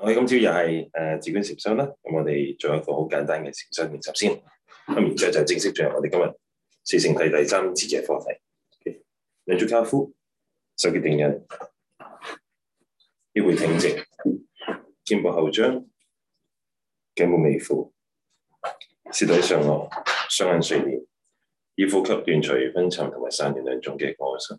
我哋今朝又係誒止觀舌相啦，咁我哋做一個好簡單嘅舌相練習先，咁然之後就正式進入我哋今日四聖諦第三節嘅課題。兩足跏趺，手結定印，腰背挺直，肩部後張，頸部微俯，舌抵上顎，雙眼垂簾，以呼吸斷除昏沉同埋散亂兩種嘅過失。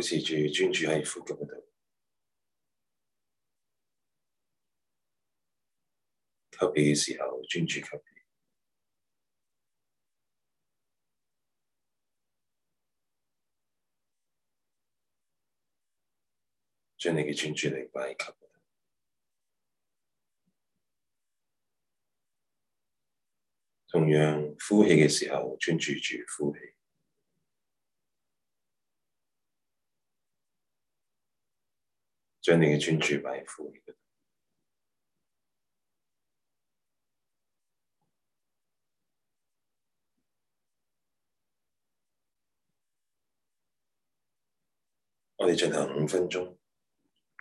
保持住專注喺呼吸嗰度，吸氣嘅時候專注吸氣，將你嘅專注力擺喺吸氣。同樣呼氣嘅時候專注住，住呼氣。將你嘅專注擺喺腹部度，我哋進行五分鐘，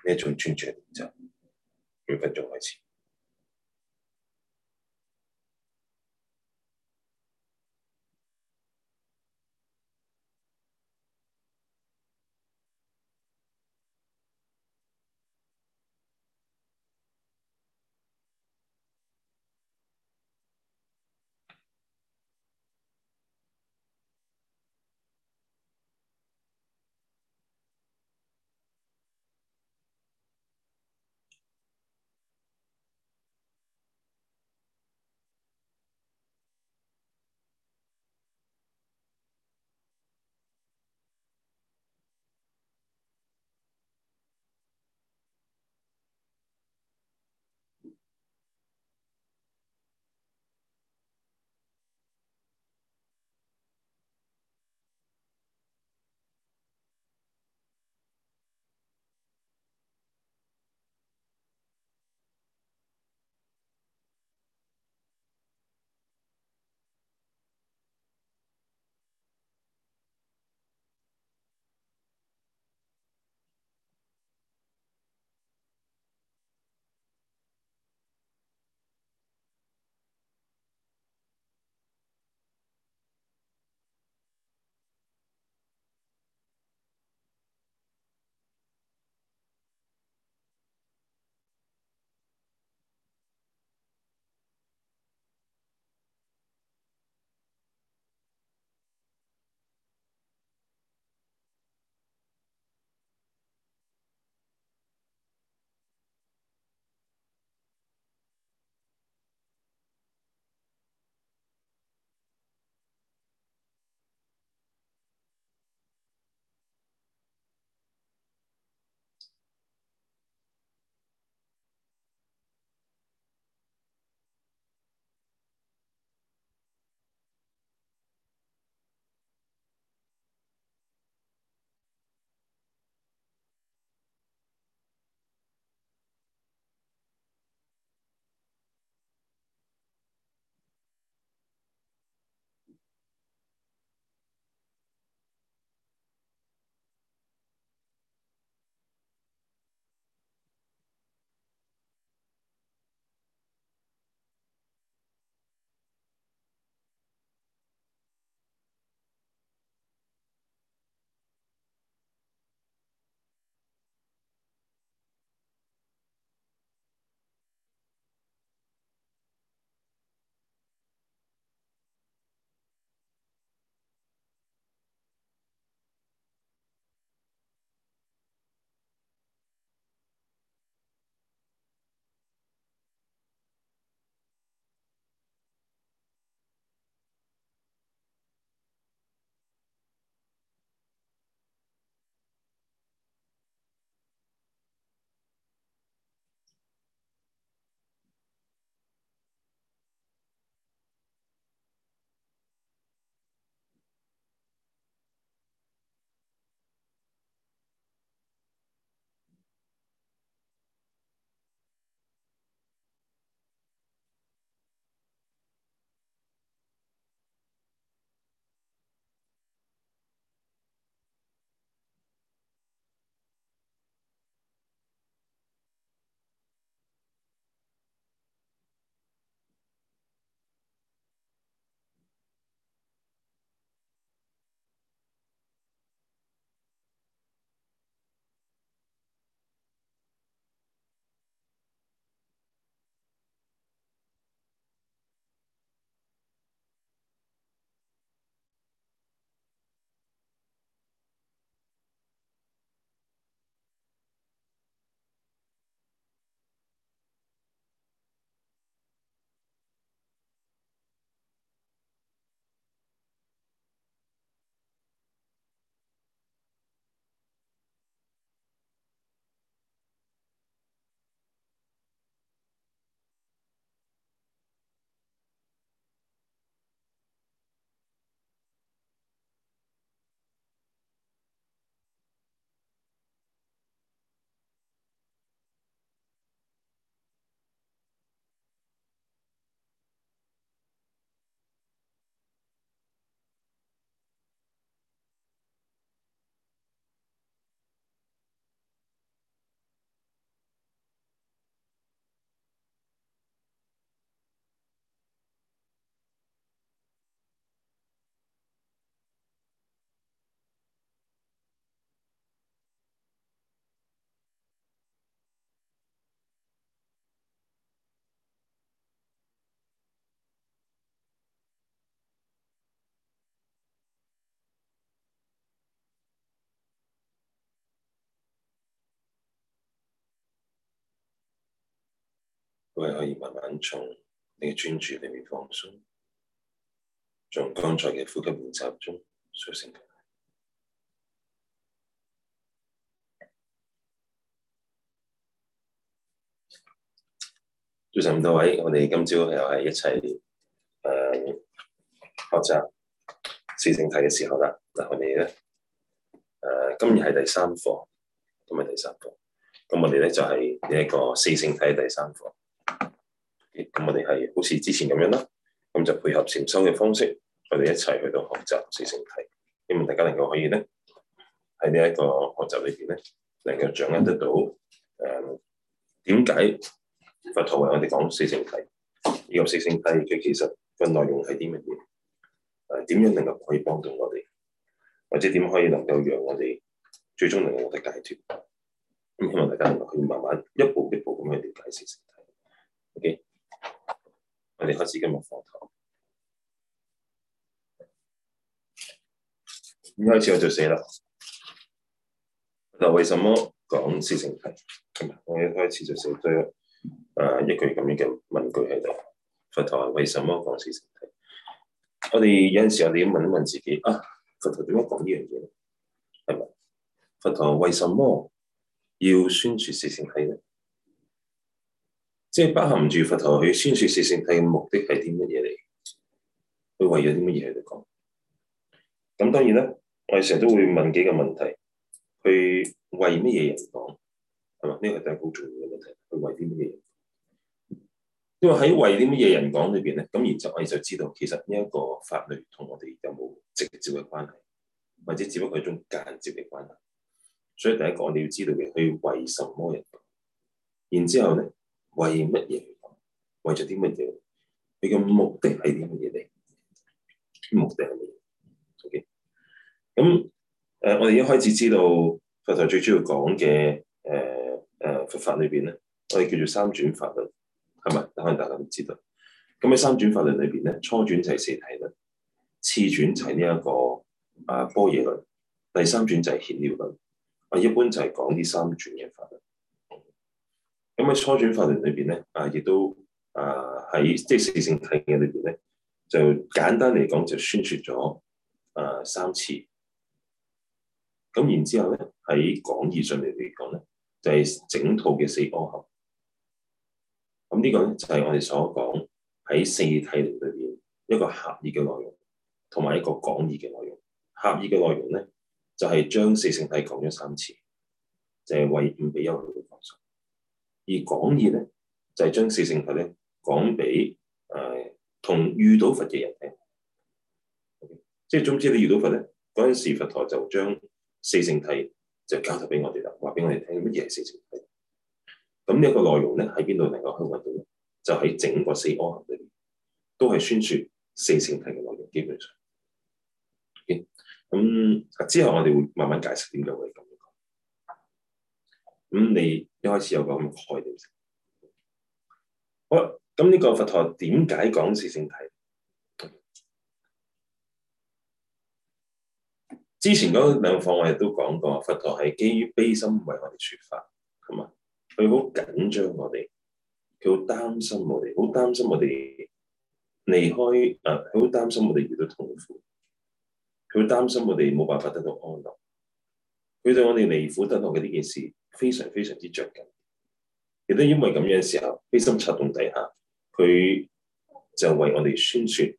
呢種專注嘅練習，五分鐘開始。我哋可以慢慢從你嘅專注裏面放鬆，從剛才嘅呼吸練習中修成體。早晨，咁多位，我哋今朝又係一齊誒、呃、學習四聖諦嘅時候啦。嗱，我哋咧誒今日係第三課，都係第三課。咁我哋咧就係呢一個四聖諦嘅第三課。咁我哋係好似之前咁樣啦，咁就配合禪修嘅方式，我哋一齊去到學習四聖諦。希望大家能夠可以咧，喺呢一個學習裏邊咧，能夠掌握得到誒，點、呃、解佛陀為我哋講四聖諦，呢、這個四聖諦嘅其實個內容係啲乜嘢？誒、呃，點樣能夠可以幫到我哋，或者點可以能夠讓我哋最終能我哋解脫？咁、嗯、希望大家能夠去慢慢一步一步咁樣了解四聖諦。OK。我哋開始今日課堂，咁開始我就死啦。嗱，為什麼講四聖諦？我一開始就寫咗誒一句咁樣嘅問句喺度。佛陀，為什麼講四聖諦？我哋有陣時候你要問一問自己啊，佛陀點解講呢樣嘢咧？係咪？佛陀，為什麼要宣說四聖諦咧？即係包含住佛陀去宣說四聖諦嘅目的係啲乜嘢嚟？佢為咗啲乜嘢喺度講？咁當然啦，我哋成日都會問幾個問題：去為乜嘢人講？係嘛？呢個第一個好重要嘅問題，去為啲乜嘢？因為喺為啲乜嘢人講裏邊咧，咁而就我哋就知道，其實呢一個法律同我哋有冇直接嘅關係，或者只不過係一種間接嘅關係。所以第一個你要知道嘅，佢為什麽人講？然之後咧。為乜嘢？為咗啲乜嘢？你嘅目的係啲乜嘢嚟？目的係乜嘢？O K。咁，誒，我哋一開始知道佛陀最主要講嘅，誒、呃，誒、呃，佛法裏邊咧，我哋叫做三轉法律，係咪？可能大家都知道。咁喺三轉法輪裏邊咧，初轉就係四諦輪，次轉就係呢一個般若輪，第三轉就係顯了輪。我一般就係講呢三轉嘅法輪。咁喺初轉法輪裏邊咧，啊，亦都啊喺即四聖諦嘅裏邊咧，就簡單嚟講就宣説咗啊三次。咁然之後咧，喺廣義上面嚟講咧，就係、是、整套嘅四波合。咁呢個就係、是、我哋所講喺四諦論裏邊一個狹義嘅內容，同埋一個廣義嘅內容。狹義嘅內容咧，就係、是、將四聖諦講咗三次，就係為五比丘。而講義咧，就係、是、將四聖諦咧講俾誒同遇到佛嘅人聽。即、okay? 係總之，你遇到佛咧，嗰陣時佛陀就將四聖諦就交託俾我哋啦，話俾我哋聽乜嘢係四聖諦。咁、嗯這個、呢一個內容咧喺邊度能夠去揾到咧？就喺、是、整個四安行裏面，都係宣説四聖諦嘅內容，基本上。咁、okay? 嗯、之後我哋會慢慢解釋點解會咁。咁你一開始有個咁嘅概念先。好，咁呢個佛陀點解講四聖諦？之前嗰兩課我亦都講過，佛陀係基於悲心為我哋説法，係嘛？佢好緊張我哋，佢好擔心我哋，好擔心我哋離開，啊、呃，佢好擔心我哋遇到痛苦，佢好擔心我哋冇辦法得到安樂，佢對我哋離苦得樂嘅呢件事，非常非常之着緊，亦都因為咁樣嘅時候，悲心策動底下，佢就為我哋宣傳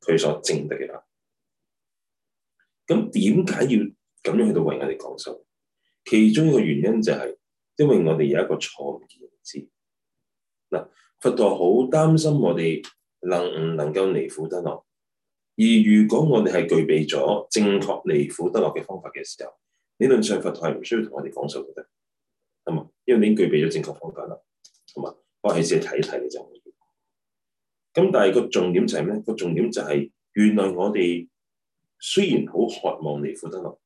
佢所證得嘅啦。咁點解要咁樣去到為我哋講授？其中一個原因就係、是、因為我哋有一個錯誤嘅認知。嗱，佛陀好擔心我哋能唔能夠離苦得樂，而如果我哋係具備咗正確離苦得樂嘅方法嘅時候，理論上佛陀係唔需要同我哋講授嘅。因為你已經具備咗正確方法啦，好嘛？我係只係睇一睇你就可以。咁但係個重點就係、是、咩？個重點就係原來我哋雖然好渴望離苦得樂，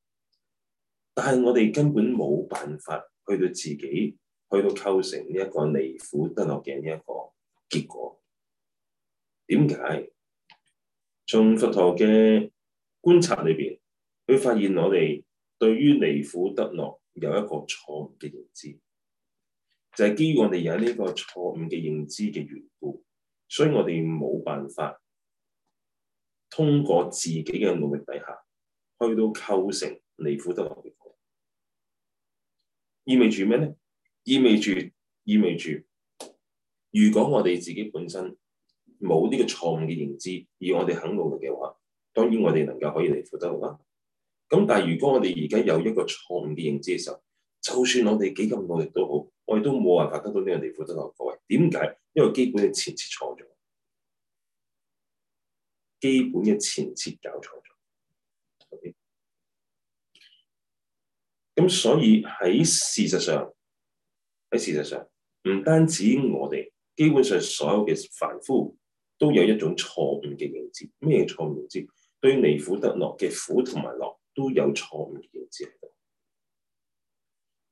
但係我哋根本冇辦法去到自己去到構成呢一個離苦得樂嘅呢一個結果。點解？從佛陀嘅觀察裏邊，佢發現我哋對於離苦得樂有一個錯誤嘅認知。就係基於我哋有呢個錯誤嘅認知嘅緣故，所以我哋冇辦法通過自己嘅努力底下去到構成離苦得樂嘅。意味住咩咧？意味住意味住，如果我哋自己本身冇呢個錯誤嘅認知，而我哋肯努力嘅話，當然我哋能夠可以離苦得樂啦。咁但係如果我哋而家有一個錯誤嘅認知嘅時候，就算我哋幾咁努力都好。我哋都冇辦法得到呢個離苦得樂。各位，點解？因為基本嘅前設錯咗，基本嘅前設搞錯咗。咁、okay? 所以喺事實上，喺事實上，唔單止我哋，基本上所有嘅凡夫都有一種錯誤嘅認知。咩錯誤認知？對離苦得樂嘅苦同埋樂都有錯誤嘅認知。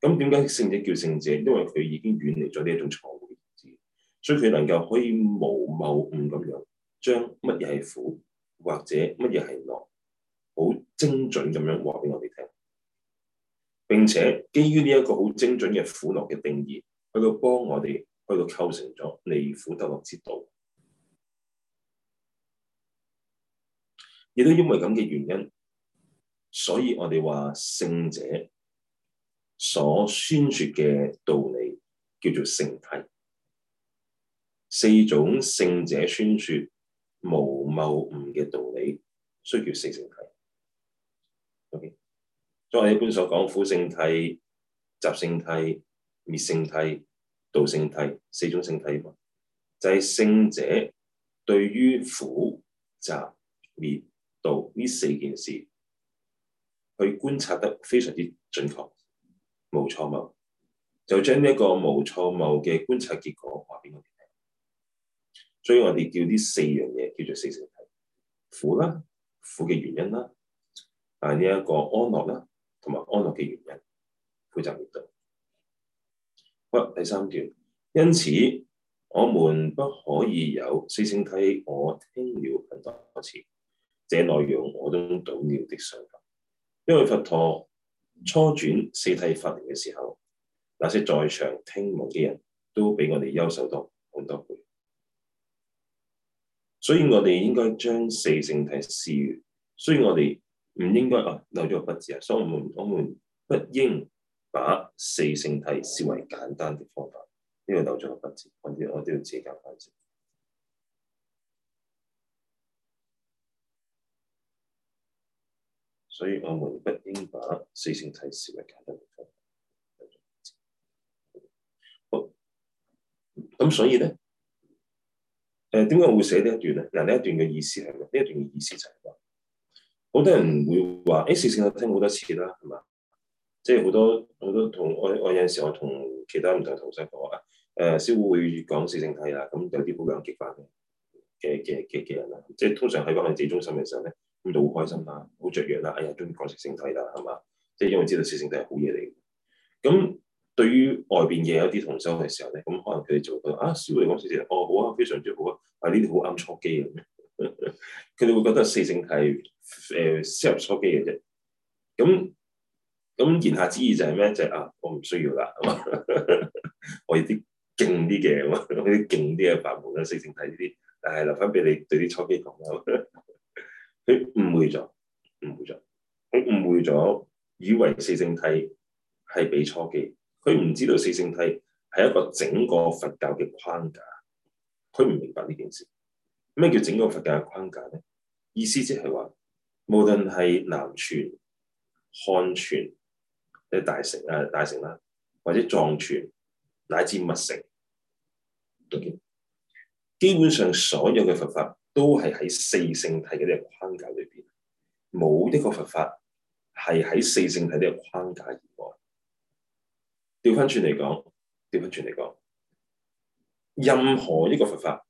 咁點解聖者叫聖者？因為佢已經遠離咗呢一種錯誤認知，所以佢能夠可以無謬誤咁樣將乜嘢係苦或者乜嘢係樂，好精準咁樣話俾我哋聽，並且基於呢一個好精準嘅苦樂嘅定義，去到幫我哋去到構成咗離苦得樂之道。亦都因為咁嘅原因，所以我哋話聖者。所宣說嘅道理叫做聖諦，四種聖者宣說無謬誤嘅道理，需要四聖諦。OK，所以我哋一般所講苦聖諦、集聖諦、滅聖諦、道聖諦四種聖諦嘛，就係、是、聖者對於苦、集、滅、道呢四件事，去觀察得非常之準確。無錯謬，就將呢一個無錯謬嘅觀察結果話俾我哋聽，所以我哋叫呢四樣嘢叫做四聖諦：苦啦、苦嘅原因啦，但係呢一個安樂啦，同埋安樂嘅原因，配集完到。好，第三段，因此我們不可以有四聖諦。我聽了很多次，這內容我都懂了的想法，因為佛陀，初轉四諦法輪嘅時候，那些在場聽聞嘅人都比我哋優秀多好多倍，所以我哋應該將四聖諦視，所以我哋唔應該啊漏咗個不字啊，所以我們，啊，所以我們，我們不應把四聖諦視為簡單的方法，呢、這個漏咗個不字，我啲我都要自己搞翻一。所以我們不應把四聖諦視為簡單。好、嗯，咁所以咧，誒點解我會寫呢一段咧？嗱，呢一段嘅意思係咩？呢一段嘅意思就係、是、話，好多人會話，誒四聖諦我聽好多次啦，係嘛？即係好多好多同我我，有陣時我同其他唔同同事講啊，誒師傅會講四聖諦啦，咁、就是、有啲好兩極化嘅嘅嘅嘅人啊，即、就、係、是、通常喺翻我哋中心嘅時候咧。好開心啦、啊，好雀躍啦、啊，哎呀，中意講四聖諦啦、啊，係嘛？即、就、係、是、因為知道四聖諦係好嘢嚟。咁對於外邊嘅有啲同修嘅時候咧，咁可能佢哋就會覺得：「啊，師傅你講四聖諦，哦好啊，非常之好啊，啊呢啲好啱初機啊咁樣。佢哋會覺得四聖諦誒適合初機嘅、啊、啫。咁咁、呃、言下之意就係咩？就係、是、啊，我唔需要啦， 我要啲勁啲嘅，我啲勁啲嘅法門啦，四聖諦呢啲，但係留翻俾你對啲初機講啦。佢誤會咗，誤會咗，佢誤會咗，以為四聖諦係俾初機，佢唔知道四聖諦係一個整個佛教嘅框架，佢唔明白呢件事。咩叫整個佛教嘅框架咧？意思即係話，無論係南傳、漢傳、即係大乘啊大乘啦，啊，或者藏傳乃至密乘，當然，基本上所有嘅佛法。都係喺四聖諦嘅呢個框架裏邊，冇一個佛法係喺四聖諦呢個框架以外。調返轉嚟講，調返轉嚟講，任何一個佛法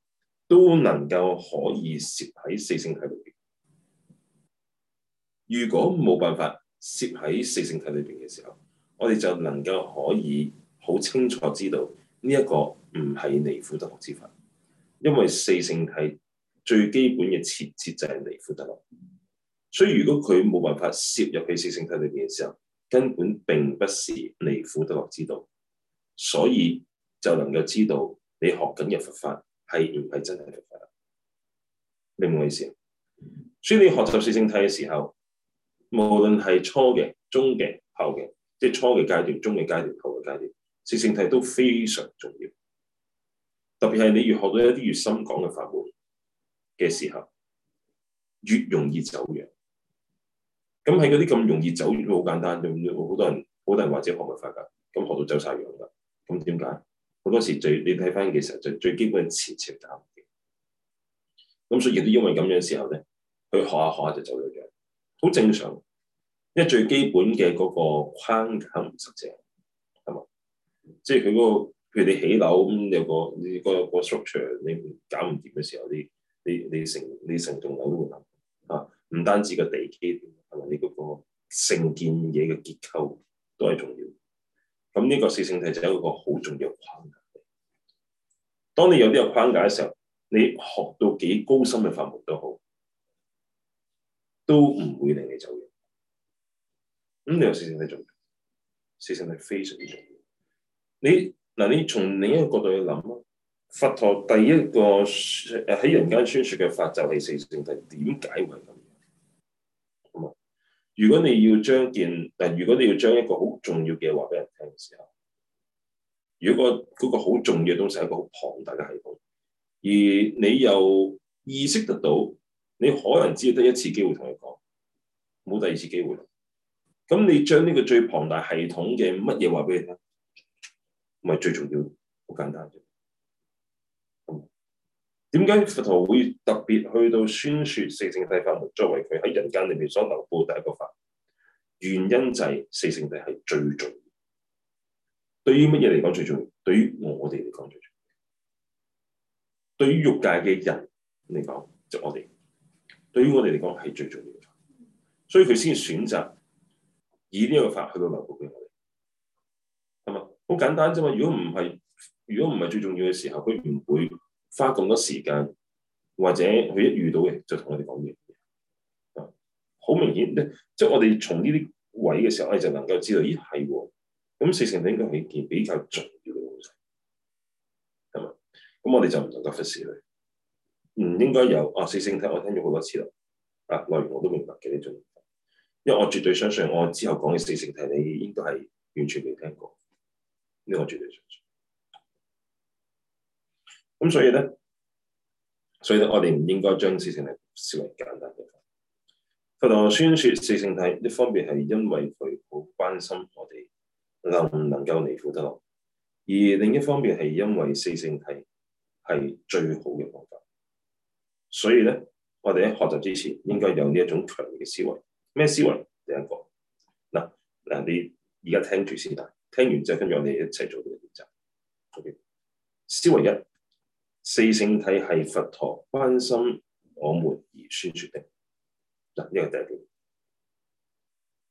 都能夠可以攝喺四聖諦裏邊。如果冇辦法攝喺四聖諦裏邊嘅時候，我哋就能夠可以好清楚知道呢一個唔係離苦得樂之法，因為四聖諦。最基本嘅設置就係離苦得樂。所以如果佢冇辦法攝入去四聖諦裏邊嘅時候，根本並不是離苦得樂之道，所以就能夠知道你學緊嘅佛法係唔係真係佛法。明唔明意思？所以你學習四聖諦嘅時候，無論係初嘅、中嘅、後嘅，即係初嘅階段、中嘅階段、後嘅階段，四聖諦都非常重要。特別係你越學到一啲越深講嘅法門嘅時候越容易走樣，咁喺嗰啲咁容易走越好簡單，好多人好多人或者學物法噶，咁學到走晒樣噶，咁點解？好多時最你睇翻嘅時候就最基本嘅前搞唔掂。咁所以亦都因為咁樣時候咧，佢學下學下就走咗樣，好正常，因為最基本嘅嗰個框架唔實淨，係嘛？即係佢嗰個譬如你起樓咁有個嗰個嗰縮牆，你搞唔掂嘅時候啲。你,你成你成仲有會諗啊？唔單止個地基，同埋你嗰個成件嘢嘅結構都係重要。咁呢個四聖諦就係一個好重要嘅框架。當你有呢個框架嘅時候，你學到幾高深嘅學問都好，都唔會令你走樣。咁你有四聖諦重要？四聖諦非常之重要。你嗱、啊，你從另一個角度去諗啊。佛陀第一個誒喺人間宣説嘅法就係四聖諦，點解會咁樣？咁啊？如果你要將件，但、呃、如果你要將一個好重要嘅話俾人聽嘅時候，如果嗰個好重要嘅東西係一個好龐大嘅系統，而你又意識得到，你可能只得一次機會同佢講，冇第二次機會。咁你將呢個最龐大系統嘅乜嘢話俾佢聽，咪、就是、最重要，好簡單嘅。點解佛陀會特別去到宣說四聖諦法門，作為佢喺人間裏邊所留布第一個法？原因就係四聖諦係最重要。對於乜嘢嚟講最重要？對於我哋嚟講最重要。對於欲界嘅人嚟講，即係我哋。對於我哋嚟講係最重要嘅法，所以佢先選擇以呢個法去到留布俾我哋。係嘛，好簡單啫嘛。如果唔係，如果唔係最重要嘅時候，佢唔會。花咁多時間，或者佢一遇到嘅就同我哋講嘢，啊、嗯，好明顯咧，即、嗯、係我哋從呢啲位嘅時候，我就能夠知道，咦係喎，咁、嗯、四聖諦應該係件比較重要嘅東西，係咪？咁、嗯、我哋就唔能夠忽視佢，唔、嗯、應該有啊四聖諦，我聽咗好多次啦，啊內容我都明白嘅呢種，因為我絕對相信我之後講嘅四聖諦，你應該係完全未聽過，呢個我絕對相信。咁所以咧，所以咧，我哋唔應該將四聖諦視為簡單嘅法。佛陀宣説四聖諦，一方面係因為佢好關心我哋能唔能夠離苦得樂，而另一方面係因為四聖諦係最好嘅方法。所以咧，我哋喺學習之前應該有呢一種強烈嘅思維。咩思維？第一個嗱嗱，你而家聽住先啦，聽完之後跟住我哋一齊做呢個練習。OK，思維一。四聖諦係佛陀關心我們而宣說的，嗱呢個第一點，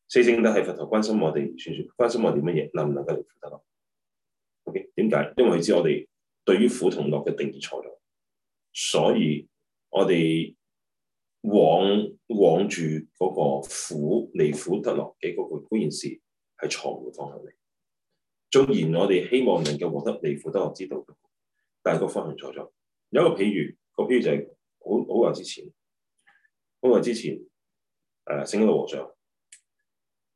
四聖諦係佛陀關心我哋而宣說，關心我哋乜嘢，能唔能夠離苦得樂？O K，點解？因為佢知我哋對於苦同樂嘅定義錯咗，所以我哋往往住嗰個苦離苦得樂嘅嗰句觀念，嗰件事係錯嘅方向嚟。縱然我哋希望能夠獲得離苦得樂之道。但係個方向錯咗，有一個譬如，個譬喻就係好好耐之前，好耐之前，誒、呃，聖道和尚，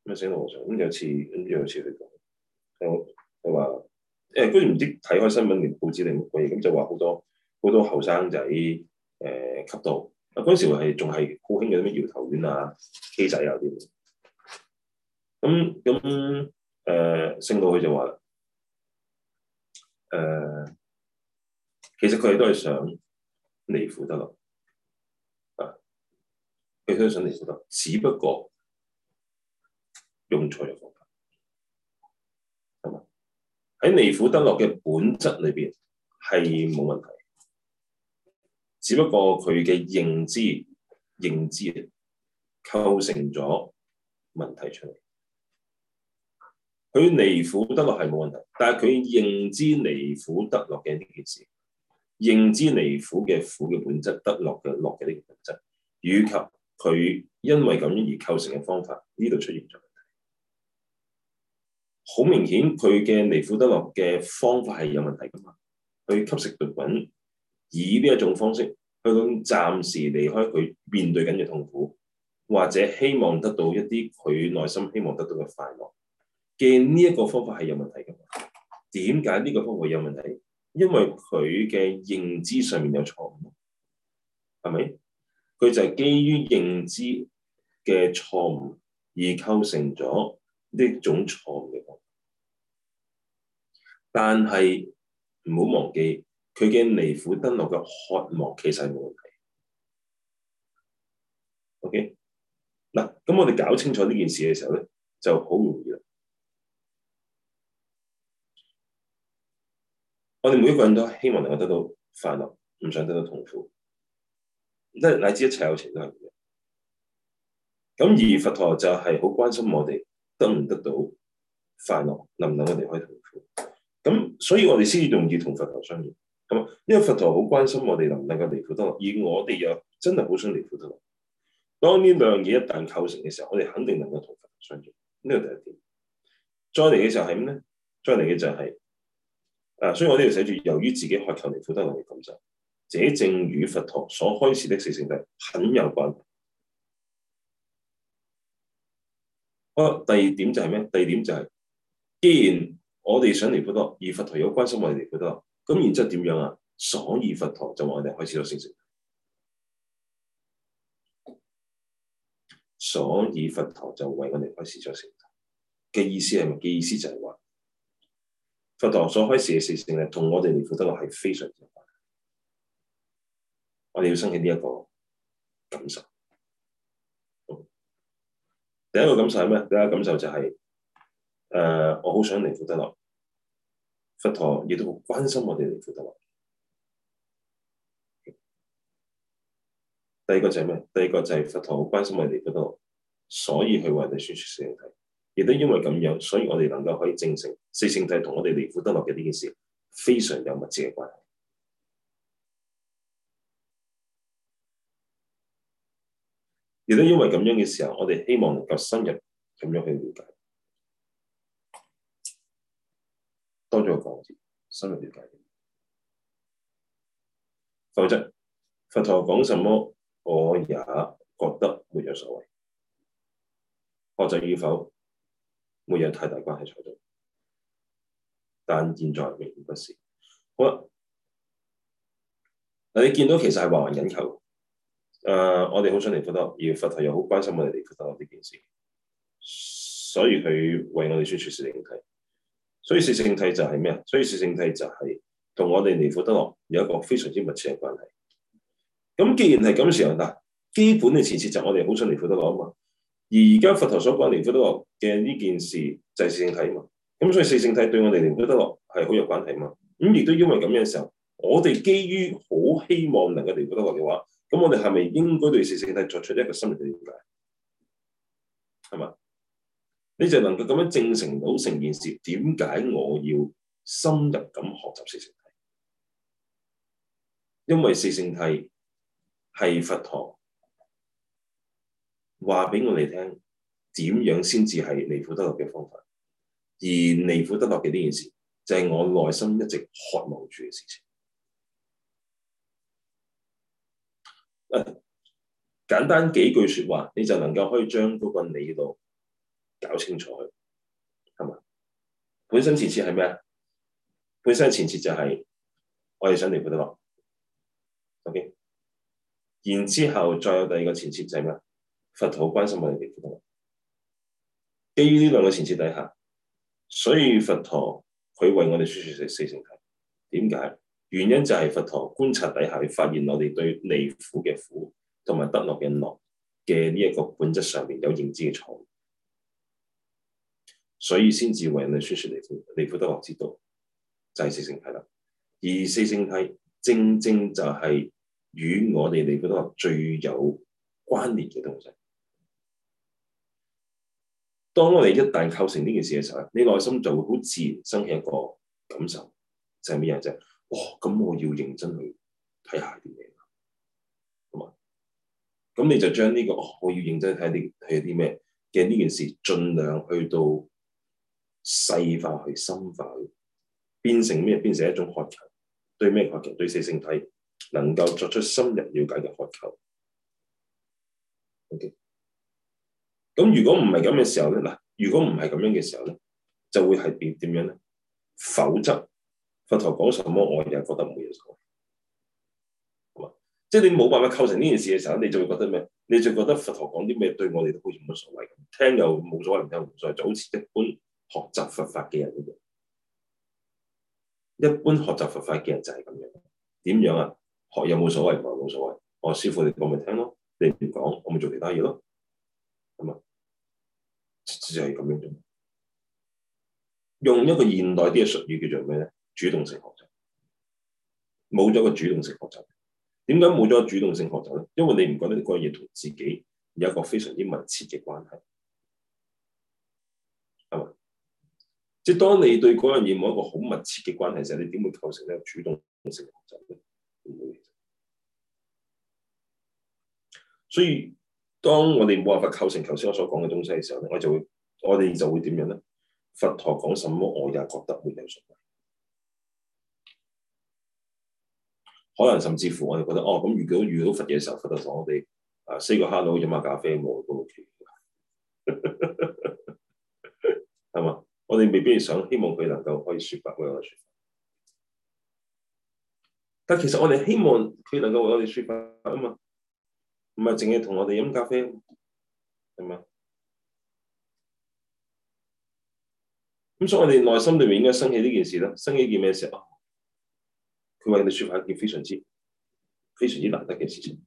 咩聖道嘅和尚咁，嗯、有次，咁有次佢講，佢話誒，居然唔知睇開新聞定報紙定乜鬼，咁，嗯、就話好多好多後生仔誒吸毒，嗱嗰陣時係仲係好興嗰啲咩搖頭丸啊 K 仔啊啲，咁咁誒，聖道佢就話啦，誒、呃。其實佢哋都係想離苦得樂，啊，佢都想離苦得樂，只不過用錯咗方法，係嘛？喺離苦得樂嘅本質裏邊係冇問題，只不過佢嘅認知、認知力構成咗問題出嚟。佢離苦得樂係冇問題，但係佢認知離苦得樂嘅呢件事。認知離苦嘅苦嘅本質，得樂嘅樂嘅呢個本質，以及佢因為咁樣而構成嘅方法，呢度出現咗問題。好明顯，佢嘅離苦得樂嘅方法係有問題噶嘛？佢吸食毒品，以呢一種方式去咁暫時離開佢面對緊嘅痛苦，或者希望得到一啲佢內心希望得到嘅快樂嘅呢一個方法係有問題噶嘛？點解呢個方法有問題？因為佢嘅認知上面有錯誤，係咪？佢就係基於認知嘅錯誤而構成咗呢種錯誤嘅。但係唔好忘記，佢嘅離苦得樂嘅渴望其實係冇問題。OK，嗱，咁我哋搞清楚呢件事嘅時候咧，就好容易啦。我哋每一個人都希望能夠得到快樂，唔想得到痛苦。即係乃至一切有情都係咁。咁而佛陀就係好關心我哋得唔得到快樂，能唔能夠離開痛苦。咁所以我哋先至容易同佛陀相遇。咁啊，因為佛陀好關心我哋能唔能夠離苦得樂，而我哋又真係好想離苦得樂。當呢兩嘢一旦構成嘅時候，我哋肯定能夠同佛陀相遇。呢個第一點。再嚟嘅時候係咩咧？再嚟嘅就係、是。誒、啊，所以我呢度寫住，由於自己渴求離苦得樂，我哋感受，這正與佛陀所開示的四聖諦很有關係。我第二點就係咩？第二點就係、就是，既然我哋想離苦得樂，而佛陀有關心我哋離苦得樂，咁然之後點樣啊？所以佛陀就為我哋開示咗四聖諦。所以佛陀就為我哋開示咗四聖諦嘅意思係咪？嘅意思就係話。佛陀所開示嘅四聖諦咧，同我哋離苦得樂係非常有關。我哋要生起呢一個感受、嗯。第一個感受係咩？第一個感受就係、是、誒、呃，我好想離苦得樂。佛陀亦都好關心我哋離苦得樂。第二個就係咩？第二個就係佛陀好關心我哋離苦得樂，所以佢為你宣説四諦。亦都因為咁樣，所以我哋能夠可以證成四聖諦同我哋離苦得樂嘅呢件事非常有密切嘅關係。亦都因為咁樣嘅時候，我哋希望能夠深入咁樣去了解，多咗個講字，深入了解。否則佛陀講什麼，我也覺得沒有所謂，學習與否。沒有太大關係在度，但現在未必不是。好啦，嗱，你見到其實係還引球，誒、呃，我哋好想尼福德而佛頭又好關心我哋尼福德樂呢件事，所以佢為我哋宣說說性體，所以說性體就係咩啊？所以說性體就係同我哋尼福德樂有一個非常之密切嘅關係。咁既然係咁嘅候，場，嗱，基本嘅前提就我哋好想尼福德樂啊嘛。而而家佛陀所講《離苦得樂》嘅呢件事就係四聖諦啊嘛，咁所以四聖諦對我哋《離苦得樂》係好有關係嘛。咁亦都因為咁樣嘅時候，我哋基於好希望能夠嘅《離苦得樂》嘅話，咁我哋係咪應該對四聖諦作出一個深入嘅了解？係嘛？你就能夠咁樣證成到成件事，點解我要深入咁學習四聖諦？因為四聖諦係佛陀。話俾我哋聽，點樣先至係離苦得樂嘅方法？而離苦得樂嘅呢件事，就係、是、我內心一直渴望住嘅事情。誒、啊，簡單幾句說話，你就能夠可以將嗰個理度搞清楚，係咪？本身前設係咩啊？本身前設就係我哋想離苦得樂。O、okay? K，然之後再有第二個前設就係咩？佛陀好關心我哋離苦得樂。基於呢兩個前設底下，所以佛陀佢為我哋宣説四四聖諦。點解？原因就係佛陀觀察底下，佢發現我哋對離苦嘅苦同埋得樂嘅樂嘅呢一個本質上面有認知嘅錯誤，所以先至為我哋宣説離苦離苦得樂之道，就係四聖諦啦。而四聖諦正正，正就係與我哋離苦得樂最有關聯嘅東西。當我哋一旦構成呢件事嘅時候，你內心就會好自然生起一個感受，就係咩樣啫？哦，咁我要認真去睇下啲嘢，同埋，咁你就將呢個哦，我要認真睇啲睇啲咩嘅呢件事，盡量去到細化去深化去，變成咩？變成一種渴求，對咩渴求？對四聖諦能夠作出深入瞭解嘅渴求。OK。咁如果唔係咁嘅時候咧，嗱，如果唔係咁樣嘅時候咧，就會係點點樣咧？否則佛陀講什麼，我哋係覺得冇嘢所謂，係嘛？即係你冇辦法構成呢件事嘅時候，你就會覺得咩？你就覺得佛陀講啲咩對我哋都好似冇乜所謂，聽又冇所謂，唔聽又冇所謂，就好似一般學習佛法嘅人一樣。一般學習佛法嘅人就係咁樣，點樣啊？學有冇所謂？冇所，所謂。我師傅你講咪聽咯，你唔講我咪做其他嘢咯。咁啊，就係咁樣做。用一個現代啲嘅術語叫做咩咧？主動性學習。冇咗個主動性學習，點解冇咗主動性學習咧？因為你唔覺得呢個嘢，同自己有一個非常之密切嘅關係，係嘛？即係當你對嗰樣嘢冇一個好密切嘅關係嘅時候，你點會構成呢個主動性學習咧？所以。當我哋冇辦法構成頭先我所講嘅東西嘅時候咧，我就會，我哋就會點樣咧？佛陀講什麼，我也覺得沒有所謂。可能甚至乎我哋覺得，哦，咁如果遇到佛嘢,時候，佛就講我哋啊、呃、四個 hello 飲下咖啡冇都 OK，係嘛？我哋未必想希望佢能夠可以説法，為我哋説法。但其實我哋希望佢能夠為我哋説法啊嘛。唔係淨係同我哋飲咖啡，係咪？咁所以我哋內心裏面應該生起呢件事啦，生起件咩事啊？佢、哦、話你哋說法一件非常之、非常之難得嘅事情，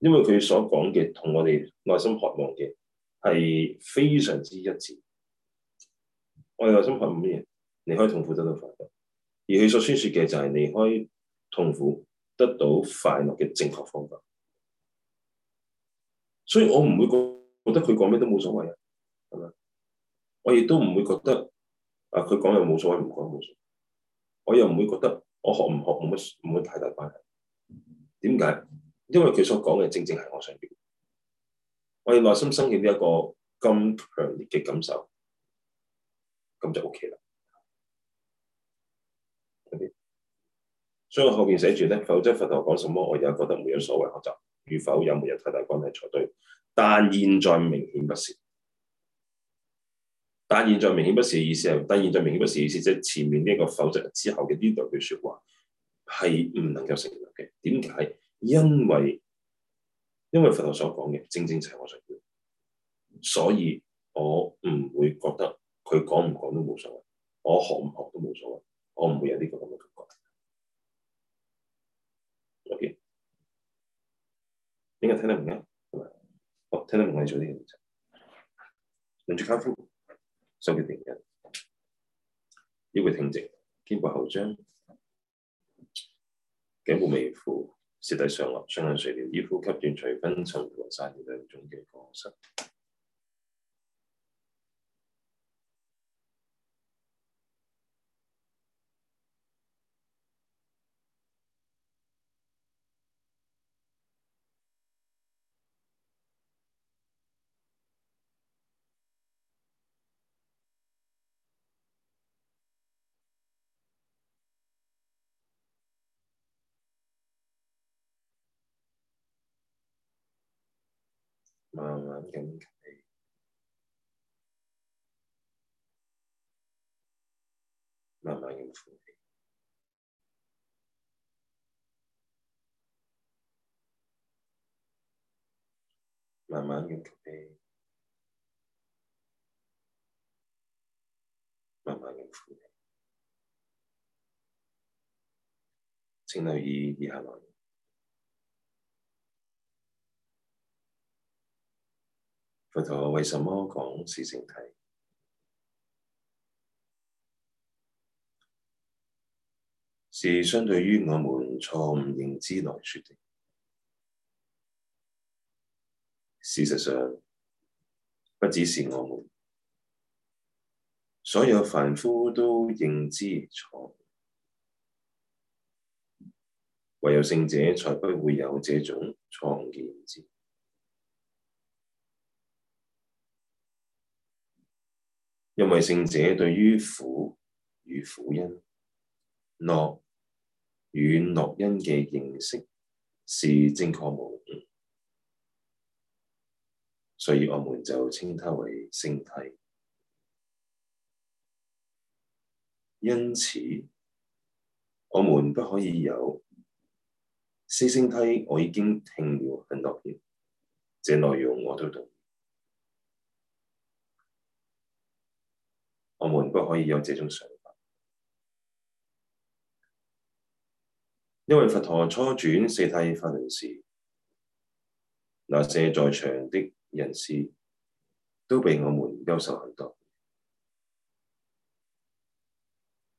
因為佢所講嘅同我哋內心渴望嘅係非常之一致。我哋內心渴望咩？離開痛苦得到快樂，而佢所宣說嘅就係離開痛苦得到快樂嘅正確方法。所以我唔會覺得佢講咩都冇所謂啊，係咪？我亦都唔會覺得啊，佢講又冇所謂，唔講冇所謂。我又唔會覺得我學唔學冇乜冇乜太大關係。點解？因為佢所講嘅正正係我想要。我係內心生嘅呢一個咁強烈嘅感受，咁就 O K 啦。所以我後邊寫住咧，否則佛陀講什麼，我也覺得沒有所謂，學習我就與否有沒有太大關係才對。但現在明顯不是。但現在明顯不是意思係，但現在明顯不是意思係，即係前面呢、這、一個否則之後嘅呢度句説話係唔能夠成立嘅。點解？因為因為佛陀所講嘅正正就係，我想要。所以我唔會覺得佢講唔講都冇所謂，我學唔學都冇所謂，我唔會有呢個咁嘅感覺。落結。邊個聽得明啊？好、哦，聽得明，我哋做啲嘅動作。兩足跏趺，手結定印，腰部挺直，肩部後張，頸部微俯，舌抵上落，雙眼垂簾，依呼吸斷除昏沉和散嘅兩種嘅過失。慢慢咁吸，慢慢咁呼氣，慢慢咁吸氣，慢慢咁呼氣，請留意以下內佛陀為什麼講四聖諦？是相對於我們錯誤認知來說的。事實上，不只是我們，所有凡夫都認知錯誤，唯有聖者才不會有這種錯誤認知。因為聖者對於苦與苦因、樂與樂因嘅認識是正確無誤，所以我們就稱他為聖諦。因此，我們不可以有四聖諦。我已經聽了很多遍，這內容我都懂。不可以有這種想法，因為佛陀初轉四諦法輪時，那些在場的人士都比我們優秀很多，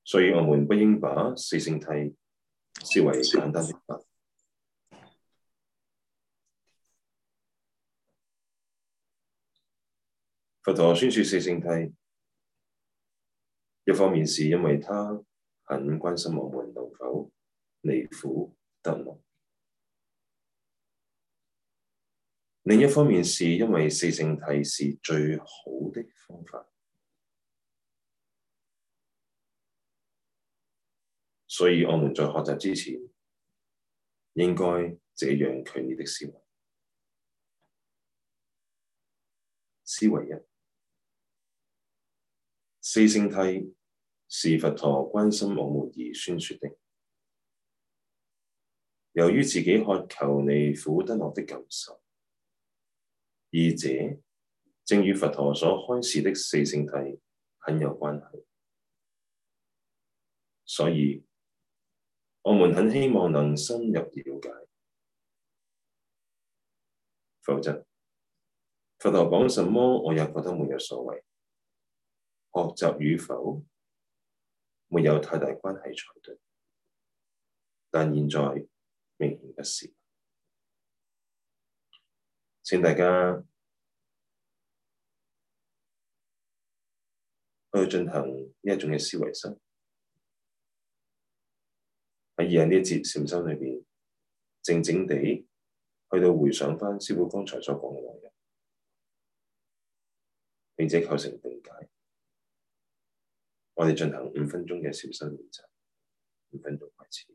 所以我們不應把四聖諦視為簡單的法。佛陀宣説四聖諦。一方面是因為他很關心我們能否離苦得樂；另一方面是因為四聖諦是最好的方法，所以我們在學習之前，應該這樣強烈的思維：思維一，四聖諦。是佛陀關心我們而宣說的。由於自己渴求離苦得樂的感受，而這正與佛陀所開示的四聖諦很有關係，所以我們很希望能深入了解，否則佛陀講什麼我也覺得沒有所謂。學習與否，沒有太大關係才對，但現在明顯不是。請大家去進行一種嘅思維修，喺二人呢一節禪修裏面靜靜地去到回想翻師傅剛才所講嘅內容，並且構成定解。我哋進行五分鐘嘅小身練習，五分鐘開始。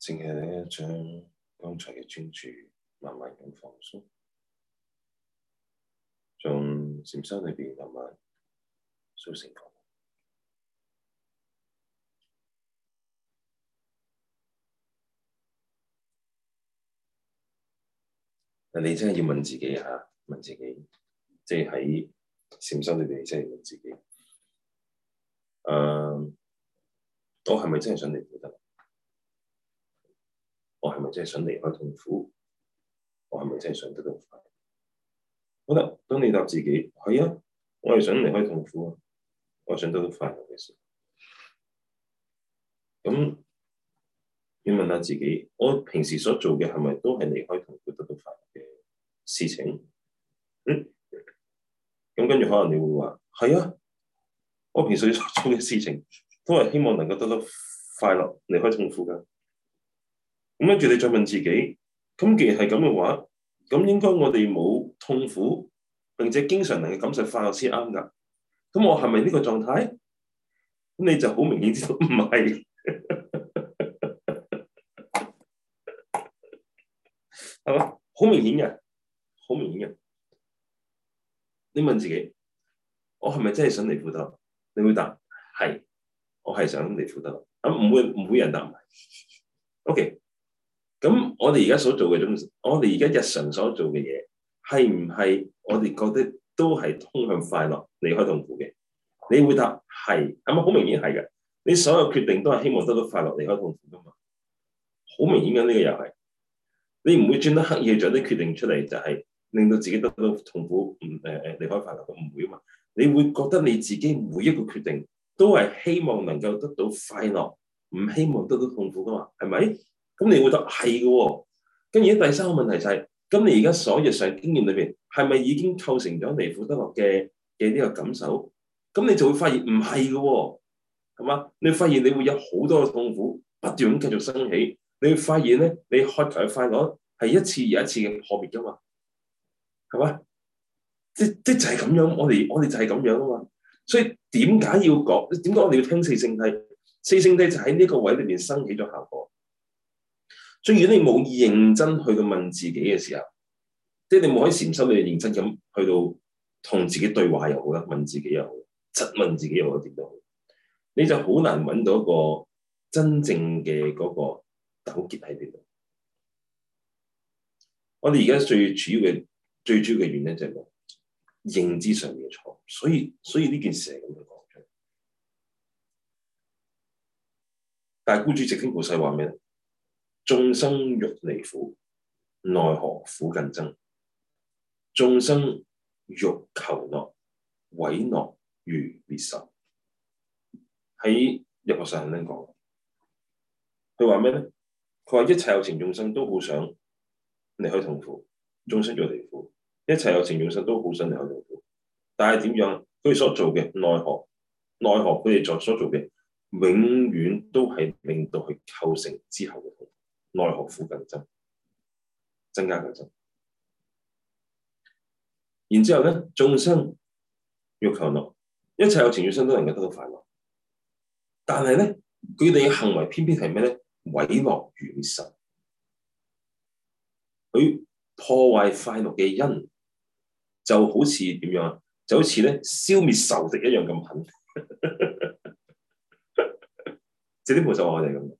淨係你一將剛才嘅專注慢慢咁放鬆，從禪修裏邊慢慢舒展開。你真係要問自己吓、啊，問自己，即係喺禪修裏邊，即係問自己，誒、啊，我係咪真係想嚟呢？我係咪真係想離開痛苦？我係咪真係想得到快樂？好啦，當你答自己係啊，我係想離開痛苦啊，我想得到快樂嘅時，咁要問下自己：我平時所做嘅係咪都係離開痛苦、得到快樂嘅事情？嗯，咁跟住可能你會話係啊，我平時所做嘅事情都係希望能夠得到快樂、離開痛苦㗎。咁跟住你再問自己，咁既然係咁嘅話，咁應該我哋冇痛苦，並且經常能夠感受快樂先啱噶。咁我係咪呢個狀態？咁你就好明顯知道唔係，係 嘛？好明顯嘅，好明顯嘅。你問自己，我係咪真係想嚟富得？你會答係，我係想嚟富得。咁唔會唔會人答唔 o K。咁我哋而家所做嘅種，我哋而家日常所做嘅嘢，係唔係我哋覺得都係通向快樂、離開痛苦嘅？你會答係，係咪好明顯係嘅？你所有決定都係希望得到快樂、離開痛苦噶嘛？好明顯咁，呢、這個又係，你唔會轉得黑嘢做啲決定出嚟，就係令到自己得到痛苦，唔誒誒離開快樂，唔會啊嘛？你會覺得你自己每一個決定都係希望能夠得到快樂，唔希望得到痛苦噶嘛？係咪？咁你會得係嘅喎，跟而家第三個問題就係，咁你而家所日常經驗裏邊係咪已經構成咗離苦得樂嘅嘅呢個感受？咁你就會發現唔係嘅喎，係嘛？你會發現你會有好多嘅痛苦不斷咁繼續升起，你會發現咧你開嘅快樂係一次又一次嘅破滅嘅嘛，係嘛？即即就係、是、咁樣，我哋我哋就係咁樣啊嘛。所以點解要講？點解我哋要聽四聖諦？四聖諦就喺呢個位裏邊升起咗效果。所以如果你冇認，就是，認真去到問自己嘅時候，即係你冇喺禪修裏邊認真咁去到同自己對話又好啦，問自己又好，質問自己又好，點都好，你就好難揾到一個真正嘅嗰個糾結喺邊度。我哋而家最主要嘅最主要嘅原因就係個認知上面嘅錯，所以所以呢件事係咁樣講出嚟。但係觀主直經古細話咩？眾生欲離苦，奈何苦更增？眾生欲求樂，毀樂如滅仇。喺入上世呢講，佢話咩咧？佢話一切有情眾生都好想離開痛苦，眾生欲離苦，一切有情眾生都好想離開痛苦。但係點樣？佢哋所做嘅奈何？奈何佢哋在所做嘅永遠都係令到佢構成之後。愛河苦更增增加佢增，然之後咧眾生欲求樂，一切有情眾生都能夠得到快樂。但係咧，佢哋嘅行為偏偏係咩咧？毀樂如神。佢破壞快樂嘅因就好似點樣啊？就好似咧消滅仇敵一樣咁狠。即係啲菩薩話我哋咁。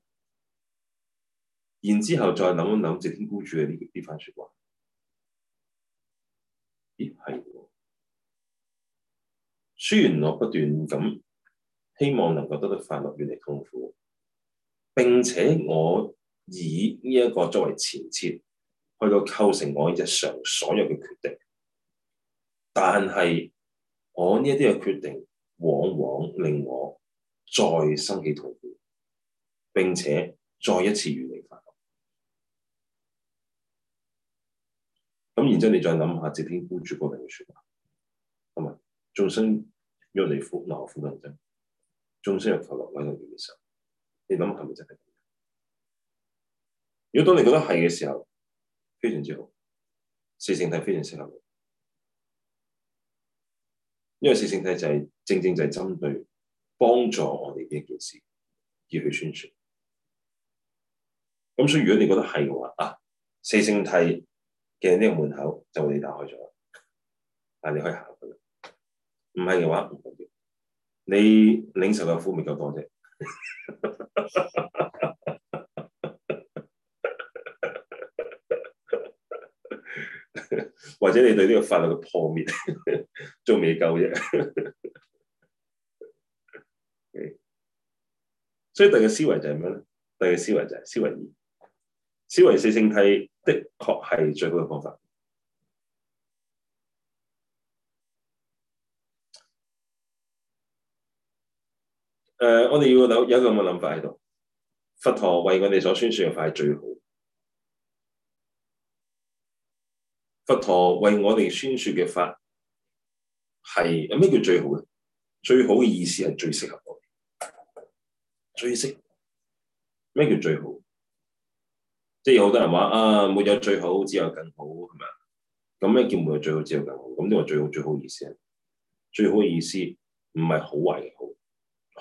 然之後再諗一諗《直天孤主》嘅呢呢番説話，咦係喎？雖然我不斷咁希望能夠得到快樂，遠離痛苦，並且我以呢一個作為前設，去到構成我日常所有嘅決定，但係我呢一啲嘅決定，往往令我再生起痛苦，並且再一次咁然之後你想想，你再諗下《接天孤主》嗰個説話，同埋眾生若離苦，哪苦人真？眾生若求樂，哪樂永失？你諗係咪真係點？如果當你覺得係嘅時候，非常之好，四聖諦非常適合你。因為四聖諦就係、是、正正就係針對幫助我哋嘅一件事要去宣傳。咁所以，如果你覺得係嘅話啊，四聖諦。嘅呢個門口就會你打開咗，但你可以行嘅啦。唔係嘅話唔同嘅，你領受嘅苦未夠多，或 或者你對呢個法律嘅破滅仲未夠啫。 Okay. 所以第二個思維就係咩咧？第二個思維就係思維二。思維四聖諦的確係最好嘅方法。誒、uh，我哋要有有一個咁嘅諗法喺度。佛陀為我哋所宣説嘅法係最好。佛陀為我哋宣説嘅法係，有咩叫最好嘅？最好嘅意思係最適合我哋。最適合，咩叫最好？即係好多人話啊，沒有最好，只有更好，係咪啊？咁咩叫沒有最好，只有更好？咁呢個最好最好意思啊？最好嘅意思唔係好壞嘅好，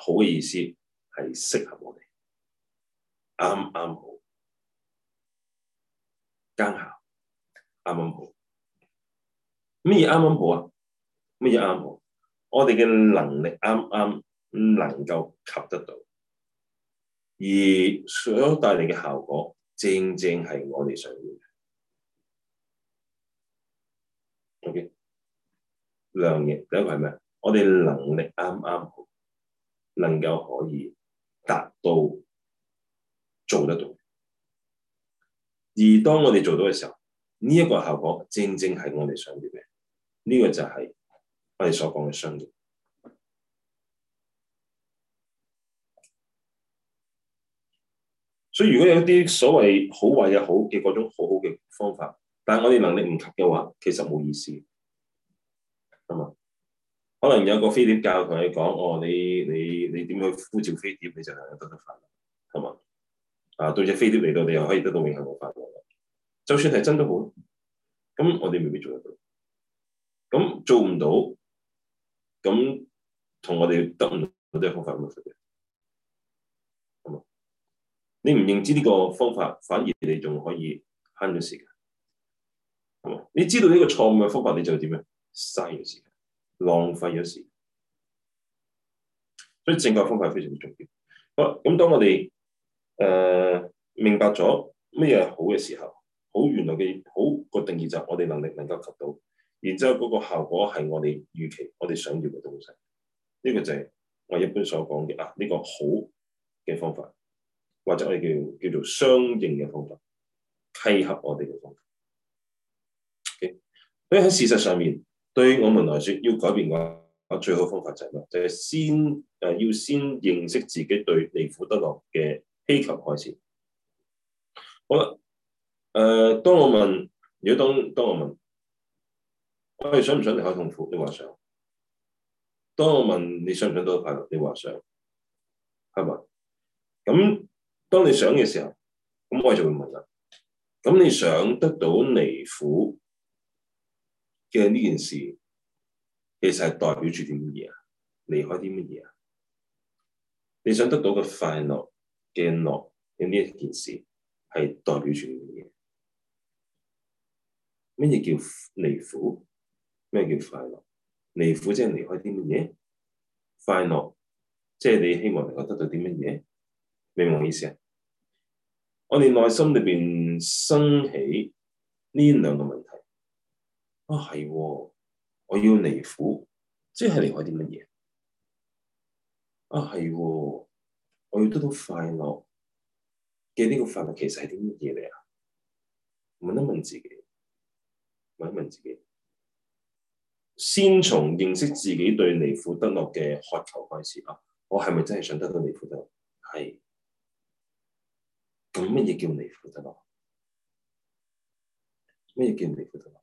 好嘅意思係適合我哋，啱啱好，高效，啱啱好。咩嘢啱啱好啊？咩嘢啱好？我哋嘅能力啱啱能夠及得到，而想帶嚟嘅效果，正正係我哋想要嘅。OK，量嘅第一個係咩？我哋能力啱啱好，能夠可以達到做得到。而當我哋做到嘅時候，呢、這、一個效果正正係我哋想要嘅。呢、這個就係我哋所講嘅商業。所以如果有一啲所謂好壞又好嘅各種好好嘅方法，但係我哋能力唔及嘅話，其實冇意思，係嘛？可能有個飛碟教同你講，哦，你你你點去呼召飛碟，你就能夠得到發達，係嘛？啊，對隻飛碟嚟到，你又可以得到永恆冇煩惱。就算係真都好，咁我哋未必做得到。咁做唔到，咁同我哋得唔到啲方法冇分別。你唔認知呢個方法，反而你仲可以慳咗時間，係嘛？你知道呢個錯誤嘅方法，你就點樣？嘥咗時間，浪費咗時間。所以正確方法非常重要。好，咁當我哋誒、呃、明白咗咩嘢好嘅時候，好原來嘅好個定義就係我哋能力能夠及到，然之後嗰個效果係我哋預期、我哋想要嘅東西。呢、這個就係我一般所講嘅啊，呢、這個好嘅方法。或者我哋叫叫做相應嘅方法，契合我哋嘅方法。Okay? 所以喺事實上面，對於我們來說要改變嘅最好方法就係咩？就係、係、先誒、呃，要先認識自己對離苦得樂嘅希求開始。好啦，誒、呃，當我問，如果當當我問，我哋想唔想離開痛苦？你話想。當我問你想唔想多快樂？你話想，係咪？咁。當你想嘅時候，咁我就會問啦。咁你想得到離苦嘅呢件事，其實係代表住啲乜嘢啊？離開啲乜嘢啊？你想得到嘅快樂嘅樂，呢一件事係代表住乜嘢？乜嘢叫離苦？咩叫快樂？離苦即係離開啲乜嘢？快樂即係你希望能夠得到啲乜嘢？明唔明我意思啊？我哋內心裏邊升起呢兩個問題：啊，係，我要離苦，即係離開啲乜嘢？啊，係，我要得到快樂嘅呢、這個快樂，其實係啲乜嘢嚟啊？問一問自己，問一問自己，先從認識自己對離苦得樂嘅渴求開始啊！我係咪真係想得到離苦得樂？係。咁乜嘢叫離苦得樂？咩叫離苦得樂？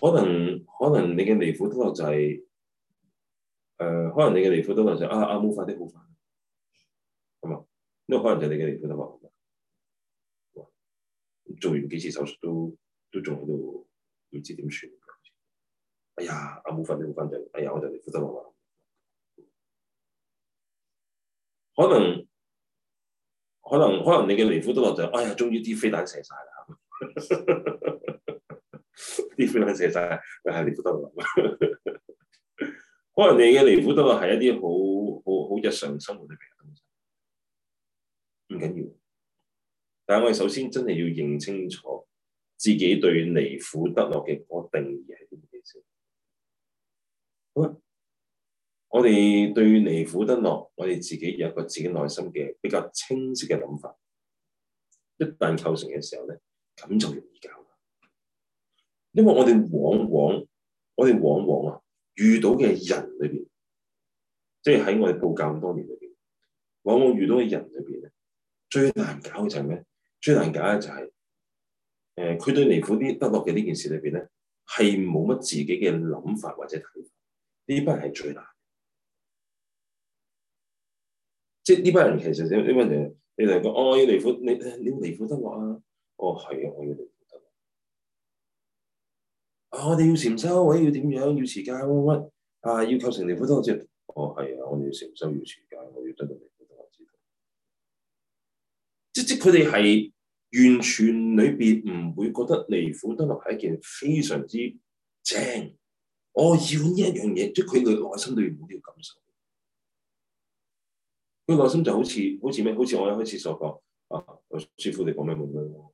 可能可能你嘅離苦得樂就係誒，可能你嘅離苦得樂就啊，阿母快啲好翻咁啊，因、啊啊呢個可能就係你嘅離苦得樂。哦、做完幾次手術都都仲喺度，唔知點算、啊。哎、啊、呀，阿母快啲好翻就，哎呀、啊啊、我就離苦得樂啦可能？可能可能你嘅離苦得樂就是，哎呀，終於啲飛彈射晒啦！啲 飛彈射晒，但係離苦得樂。 可能你嘅離苦得樂係一啲好好好日常生活嘅嘢東西，唔緊要。但係我哋首先真係要認清楚自己對離苦得樂嘅個定義係啲咩先。好。我哋對離苦得樂，我哋自己有一個自己內心嘅比較清晰嘅諗法。一旦構成嘅時候咧，咁就容易搞喇。因為我哋往往我哋往往啊遇到嘅人裏邊，即係喺我哋佈教咁多年裏邊，往往遇到嘅人裏邊咧，最難搞嘅就係咩？最難搞嘅就係誒佢對離苦啲得樂嘅呢件事裏邊咧，係冇乜自己嘅諗法或者睇法。呢班係最難。即呢班人其實呢，呢班人你哋講，哦，要離苦，你你要離苦得樂啊？哦，係、哦、啊，我要離苦得樂。啊、哦，我哋要禪修，我要點樣？要持戒，乜啊？要構成離苦得樂之類。哦，係啊，我哋要禪修，要持戒，我要得到離苦得樂之類。即即佢哋係完全裏邊唔會覺得離苦得樂係一件非常之正、哦。我要呢一樣嘢，即係佢內內心裏面冇呢個感受。佢內心就好似好似咩？好似我一開始所講啊，師傅你講咩冇咩喎，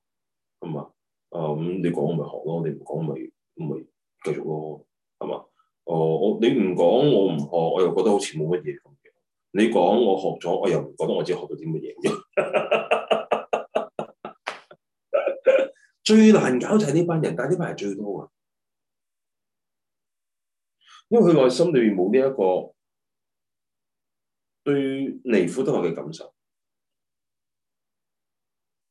係嘛？啊，咁，你講我咪學咯，你唔講咪唔咪繼續咯，係嘛？哦，你我你唔講我唔學，我又覺得好似冇乜嘢咁樣。你講我學咗，我又唔覺得我自己學到啲乜嘢。 最難搞就係呢班人，但係呢班人最多啊，因為佢內心裏邊冇呢一個。對離苦得樂嘅感受，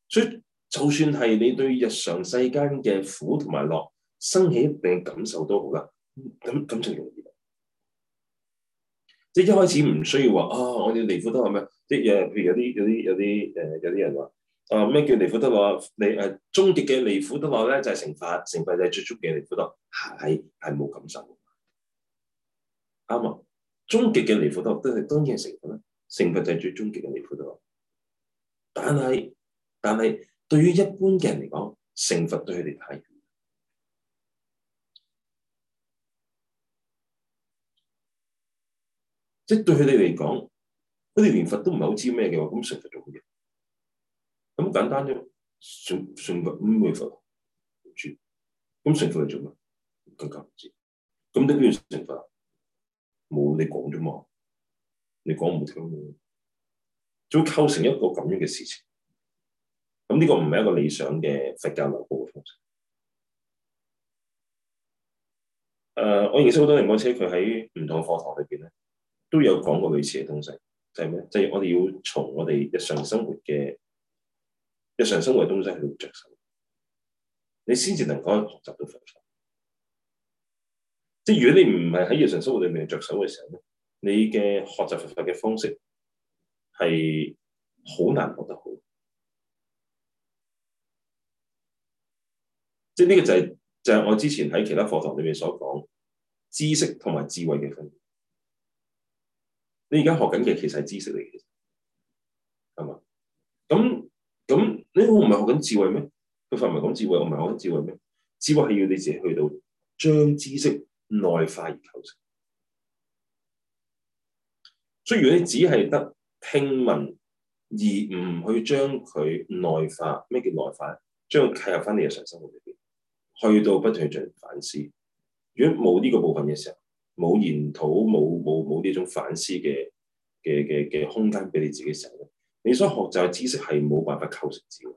所以就算係你對日常世間嘅苦同埋樂生起一定嘅感受都好啦，咁咁就容易啦。即係一開始唔需要話啊、哦，我哋離苦得樂咩？即嘢，譬如有啲有啲有啲誒，有啲人話啊，咩、哦、叫離苦得樂？你誒，終極嘅離苦得樂咧，就係、是、成佛，成佛就係最足嘅離苦得樂，係係冇感受嘅，啱啊。終極嘅離苦得樂都係當然係成佛啦，成佛就係最終極嘅離苦得樂。但係但係對於一般嘅人嚟講，成佛對佢哋太遠，即係對佢哋嚟講，佢哋連佛都唔係好知咩嘅話，咁成佛做乜嘢？咁簡單啫，成信佛唔會佛，唔知咁成佛係做乜？更加唔知。咁點解要成佛？冇你講啫嘛，你講唔聽嘅，就會構成一個咁樣嘅事情。咁呢個唔係一個理想嘅佛教佈道嘅方式。誒、uh，我認識好多人講，車佢喺唔同嘅課堂裏邊咧，都有講過類似嘅東西，就係、是、咩？就係、是、我哋要從我哋日常生活嘅日常生活嘅東西去着手，你先至能夠學習到佛法。讀得讀得讀得讀得即係如果你唔係喺日常生活裏面着手嘅時候咧，你嘅學習佛法嘅方式係好難學得好。即係呢個就係、是、就係、是、我之前喺其他課堂裏面所講知識同埋智慧嘅分別。你而家學緊嘅其實係知識嚟嘅，係嘛？咁咁，呢個唔係學緊智慧咩？佢份唔係講智慧，我唔係學緊智慧咩？智慧係要你自己去到將知識。內化而構成，所以如果你只係得聽聞而唔去將佢內化，咩叫內化？將佢契合翻你日常生活入邊，去到不斷進行反思。如果冇呢個部分嘅時候，冇研討，冇冇冇呢種反思嘅嘅嘅嘅空間俾你自己嘅時候咧，你所學習嘅知識係冇辦法構成智慧。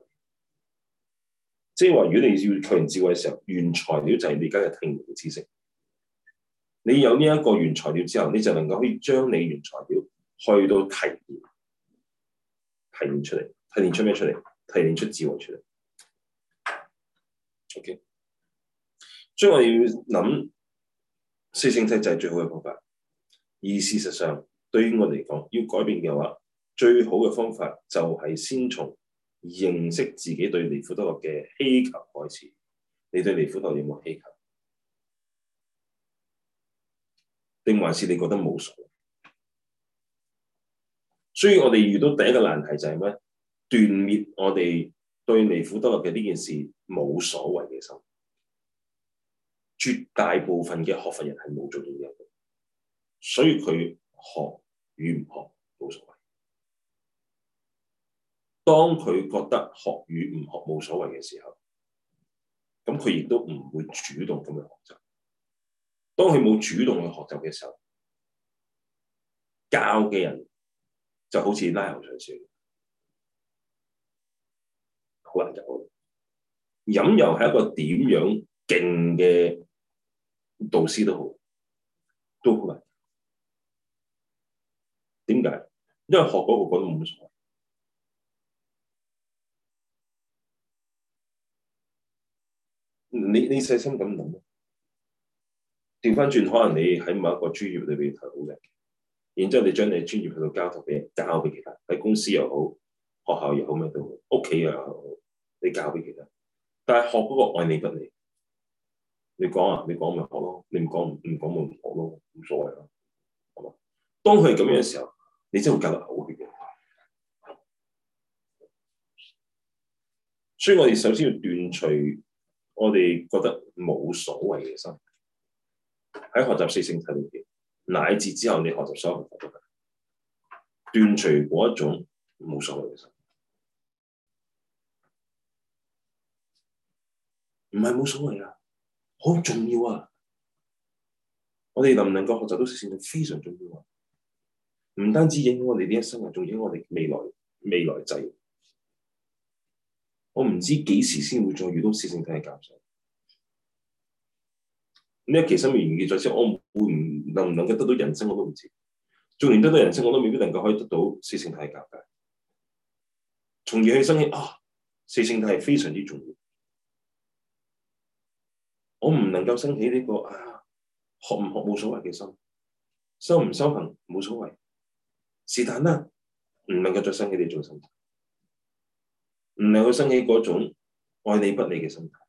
即係話，如果你要構成智慧嘅時候，原材料就係你而家嘅聽聞嘅知識。你有呢一個原材料之後，你就能夠可以將你原材料去到提煉，提煉出嚟，提煉出咩出嚟？提煉出智慧出嚟。OK，所以我哋要諗四聖諦就係最好嘅方法。而事實上，對於我哋嚟講，要改變嘅話，最好嘅方法就係先從認識自己對離苦得樂嘅希求開始。你對離苦得樂有冇希求？定還是你覺得冇所謂？所以我哋遇到第一個難題就係咩？斷滅我哋對離苦得樂嘅呢件事冇所謂嘅心。絕大部分嘅學佛人係冇做到呢一步，所以佢學與唔學冇所謂。當佢覺得學與唔學冇所謂嘅時候，咁佢亦都唔會主動咁樣學習。當佢冇主動去學習嘅時候，教嘅人就好似拉牛上樹，好難走。引誘係一個點樣勁嘅導師都好，都好難。點解？因為學嗰個覺得冇乜所謂。你你細心咁諗。調翻轉，可能你喺某一個專業裏邊好叻。然之後你將你專業去到交託俾，交俾其他喺公司又好，學校又好，咩都好，屋企又好，你交俾其他。但係，學嗰個愛理不理，你講啊，你講咪學咯，你唔講唔講咪唔學咯，無所謂咯，係嘛？當佢係咁樣嘅時候，你真會教到嘔血嘅。所以我哋首先要斷除我哋覺得冇所謂嘅心。.喺學習四聖諦，乃至之後你學習修行，斷除嗰一種冇所謂嘅生活，冇所謂，其實唔係冇所謂啊，好重要啊！我哋能唔能夠學習到四聖諦，非常重要啊！唔單止影響我哋呢一生啊，仲影響我哋未來未來際。我唔知幾時先會再遇到四聖諦嘅教授。呢一期生完完結在先，我唔會唔能唔能夠得到人生我都唔知，做連得到人生我都未必能夠可以得到四聖胎教嘅。從而去生起啊，四性胎係非常之重要。我唔能夠升起呢個啊，學唔學冇所謂嘅心，修唔修行冇所謂，是但啦，唔能夠再生起呢做心態，唔能夠生起嗰種愛你不理嘅心態。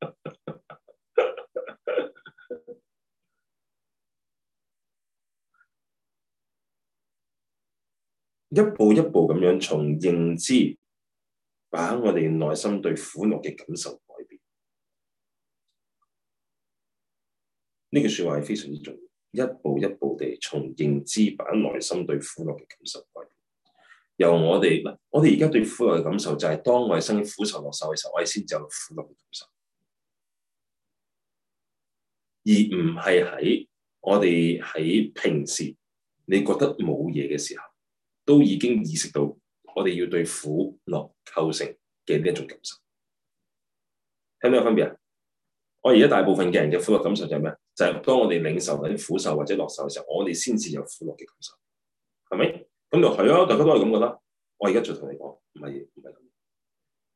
一步一步咁樣從認知，把我哋內心對苦樂嘅感受改變。呢句說話係非常之重要。一步一步地從認知，把內心對苦樂嘅感受改變。由我哋乜？我哋而家對苦樂嘅感受就係當我哋生苦受樂受嘅時候，我哋先至有苦樂嘅感受，而唔係喺我哋喺平時你覺得冇嘢嘅時候。都已經意識到，我哋要對苦樂構成嘅呢一種感受，聽唔聽到分別啊？我而家大部分嘅人嘅苦樂感受就係咩？就係、是、當我哋領受緊苦受或者樂受嘅時候，我哋先至有苦樂嘅感受，係咪？咁就係咯，大家都係咁覺得。我而家再同你講，唔係，唔係咁。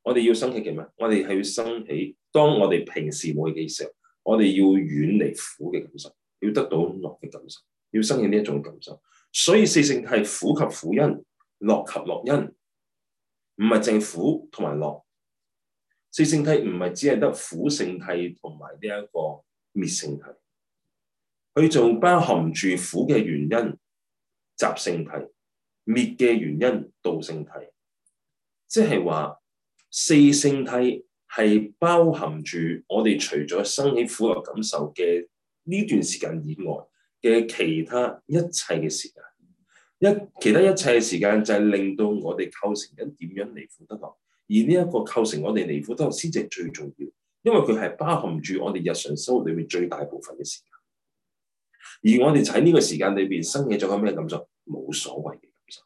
我哋要生起嘅咩？我哋係要生起，當我哋平時冇嘢嘅時候，我哋要遠離苦嘅感受，要得到樂嘅感受，要生起呢一種感受。所以四聖諦係苦及苦因、樂及樂因，唔係淨苦同埋樂。四聖諦唔係只係得苦聖諦同埋呢一個滅聖諦，佢仲包含住苦嘅原因、集聖諦、滅嘅原因、道聖諦。即係話四聖諦係包含住我哋除咗生起苦樂感受嘅呢段時間以外。嘅其他一切嘅時間，一其他一切嘅時間就係令到我哋構成緊點樣離苦得樂，而呢一個構成我哋離苦得樂先至係最重要，因為佢係包含住我哋日常生活裏面最大部分嘅時間，而我哋喺呢個時間裏邊生嘢，仲有咩感受？冇所謂嘅感受，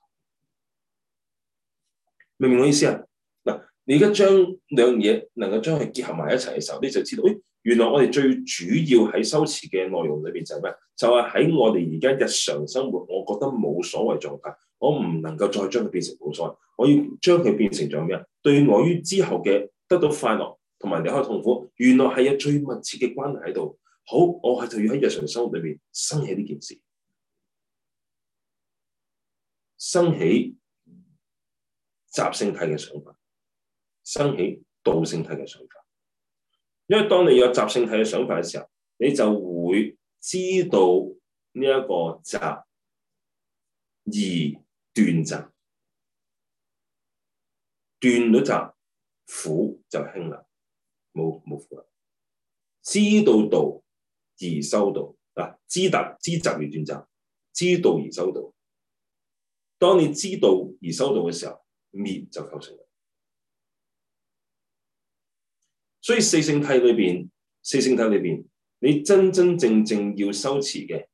明唔明我意思啊？嗱，你而家將兩樣嘢能夠將佢結合埋一齊嘅時候，你就知道，誒、哎。原來我哋最主要喺修辭嘅內容裏邊就係咩？就係、是、喺我哋而家日常生活，我覺得冇所謂狀態，我唔能夠再將佢變成冇所謂。我要將佢變成咗咩？對我於之後嘅得到快樂同埋離開痛苦，原來係有最密切嘅關係喺度。好，我係就要喺日常生活裏邊生起呢件事，生起集聖諦嘅想法，生起道聖諦嘅想法。因為當你有習性體嘅想法嘅時候，你就會知道呢一個集而斷集，斷咗集苦就輕啦，冇冇苦啦。知道道而修道嗱，知、啊、達知集而斷集，知道而修道。當你知道而修道嘅時候，滅就構成所以四聖諦裏邊，四聖諦裏邊，你真真正正要修持嘅，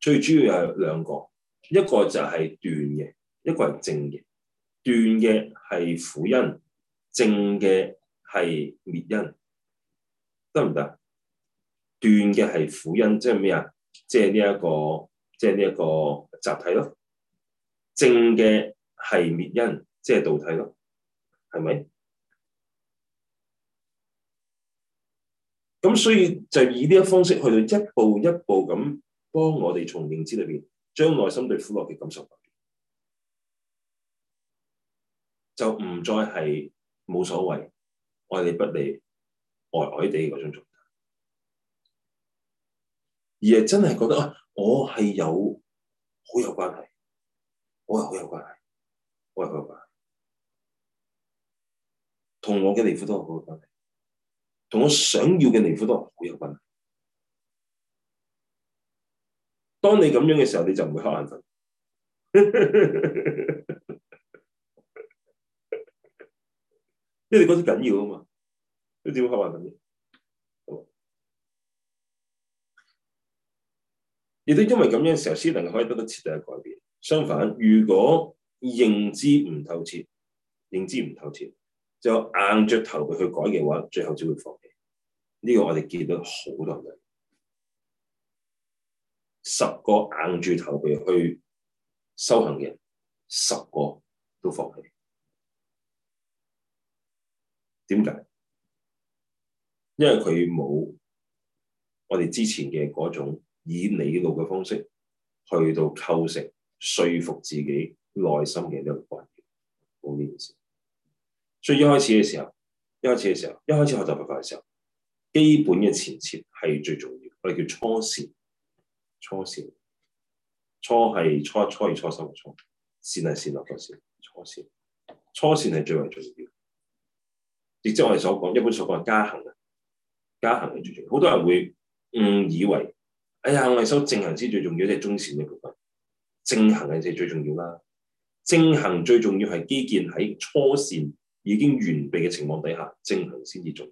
最主要係兩個，一個就係斷嘅，一個係證嘅。斷嘅係苦因，證嘅係滅因，得唔得？斷嘅係苦因，即係咩啊？即係呢一個，即係呢一個集諦咯。證嘅係滅因，即係道諦咯，係咪？咁所以就以呢一方式去到一步一步咁幫我哋從認知裏邊，將內心對苦樂嘅感受改變，就唔再係冇所謂愛理不理，呆呆地嗰種狀態，而係真係覺得啊，我係有好有關係，我係好有關係，我係好有關係，同我嘅離苦都係好有關係。同我想要嘅離苦都好有關。當你咁樣嘅時候，你就唔會瞌眼瞓， 因為覺得緊要啊嘛，所以點會瞌眼瞓咧？亦都因為咁樣嘅時候，先能夠可以得到徹底嘅改變。相反，如果認知唔透徹，認知唔透徹，就硬着頭皮去改嘅話，最後只會放棄。呢、這個我哋見到好多人，十個硬著頭皮去修行嘅人，十個都放棄。點解？因為佢冇我哋之前嘅嗰種以理路嘅方式去到構成說服自己內心嘅一個環境。冇呢件事。所以一開始嘅時候，一開始嘅時候，一開始學習佛法嘅時候，基本嘅前設係最重要。我哋叫初善，初善，初係初一、初二、初三嘅初，善係善惡個善，初善，初善係最為重要。亦即係我哋所講一般所講加行啊，加行係最重要。好多人會誤以為，哎呀，我哋收正行先最重要，即係中善呢部分，正行係最最重要啦。正行最重要係基建喺初善，已經完備嘅情況底下，正行先至做。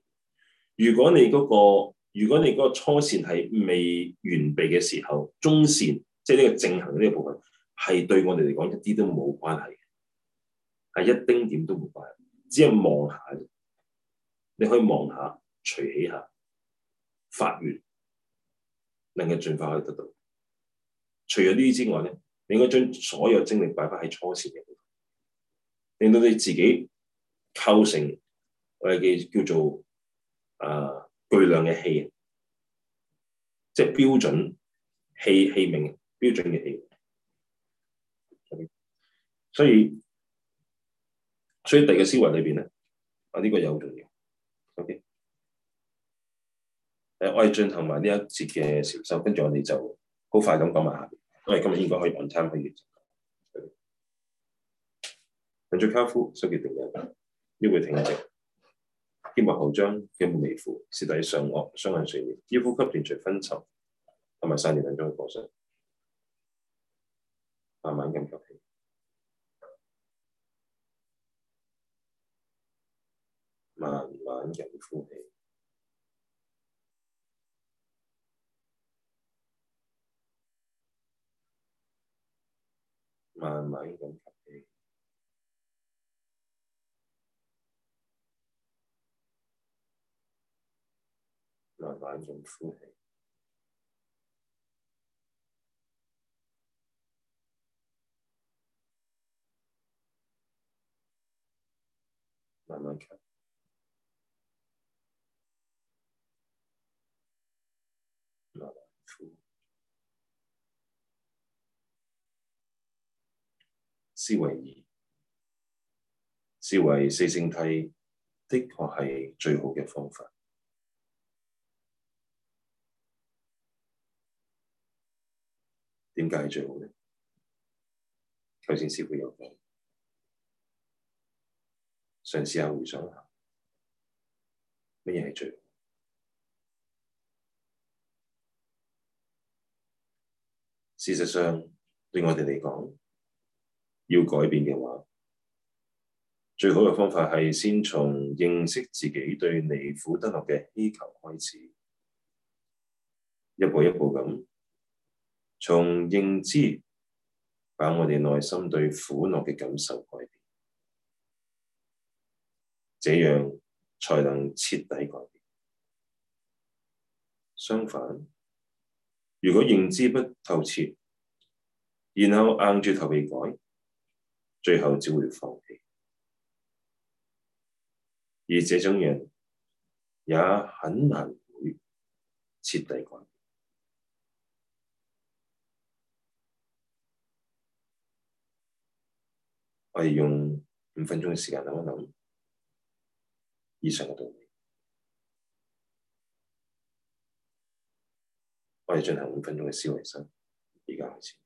如果你嗰個，如果你嗰個初線係未完備嘅時候，中線即係呢個正行呢個部分係對我哋嚟講一啲都冇關係，係一丁點都冇關係。只係望下，你可以望下，除起下發願，能夠進化去得到。除咗呢啲之外咧，你應該將所有精力擺翻喺初線入面，令到你自己。構成我哋嘅叫做啊、呃、巨量嘅氣，即、就、係、是、標準氣氣名，標準嘅氣，okay? 所。所以所以第二個思維裏邊咧，啊呢、這個又好重要。O.K. 誒、啊，我哋進行埋呢一節嘅授受，跟住我哋就好快咁講埋下嚇。我哋今日應該可以 on time 完成。你最卡夫收幾定嘅？腰背挺直，肩部後張，頸部微俯，舌抵上腭，雙眼垂視，腰腹呼吸，隨分層同埋三點兩鐘嘅擴胸，慢慢咁吸氣，慢慢慢咁呼氣，慢慢咁。慢慢慢慢用呼氣，慢慢吸。思慢扶。思維二，思維四聖諦的確係最好嘅方法。點解係最好呢？頭先師傅有講，嘗試下回想下，乜嘢係最好？事實上，對我哋嚟講，要改變嘅話，最好嘅方法係先從認識自己對離苦得樂嘅希求開始，一步一步咁。從認知把我哋內心對苦樂嘅感受改變，這樣才能徹底改變。相反，如果認知不透徹，然後硬住頭皮改，最後只會放棄。而這種人也很難會徹底改變。我哋用五分鐘嘅時間諗一諗以上嘅道理。我哋進行五分鐘嘅思維生，而家開始。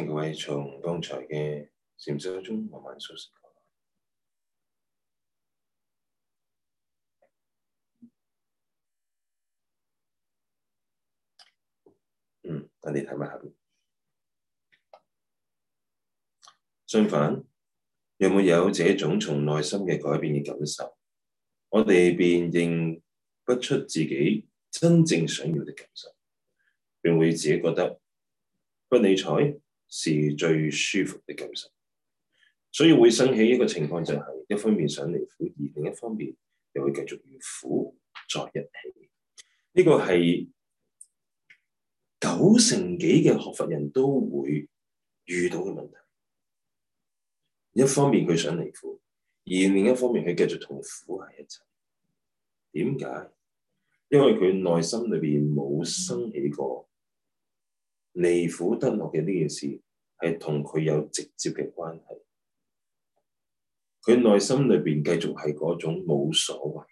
呢個位從剛才嘅禪修中慢慢甦醒。嗯，等你睇埋下面。相反，若沒有這種從內心嘅改變嘅感受，我哋便認不出自己真正想要嘅感受，並會自己覺得不理睬，是最舒服的感受，所以會生起一個情況，就係一方面想離苦，而另一方面又會繼續與苦在一起。呢個係九成幾嘅學佛人都會遇到嘅問題。一方面佢想離苦，而另一方面佢繼續同苦喺一齊。點解？因為佢內心裏邊冇生起過。離苦得樂嘅呢件事，係同佢有直接嘅關係。佢內心裏邊繼續係嗰種冇所謂，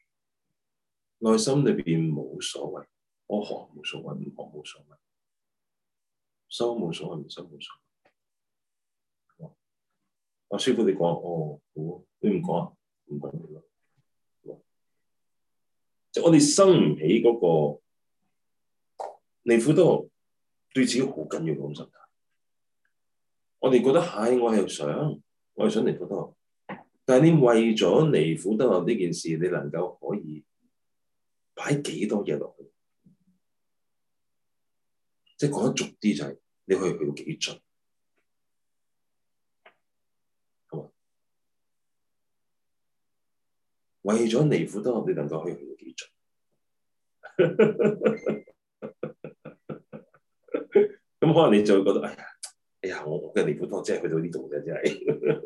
內心裏邊冇所謂，我學冇所謂，唔學冇所謂，修冇所謂，唔修冇所謂。阿師傅你講哦，好你唔講啊，唔講、啊、即係我哋生唔起嗰、嗰個離苦都。對自己好緊要嘅問題，我哋覺得，唉，我係想，我係想離苦得樂，但係你為咗離苦得樂呢件事，你能夠可以擺幾多嘢落去？即係講得俗啲就係，你可以去到幾盡？好啊，為咗離苦得樂，你能夠可以去到幾盡？ 咁可能你就會覺得，哎呀，哎呀，我我嘅離苦多，真係去到呢度嘅，真係，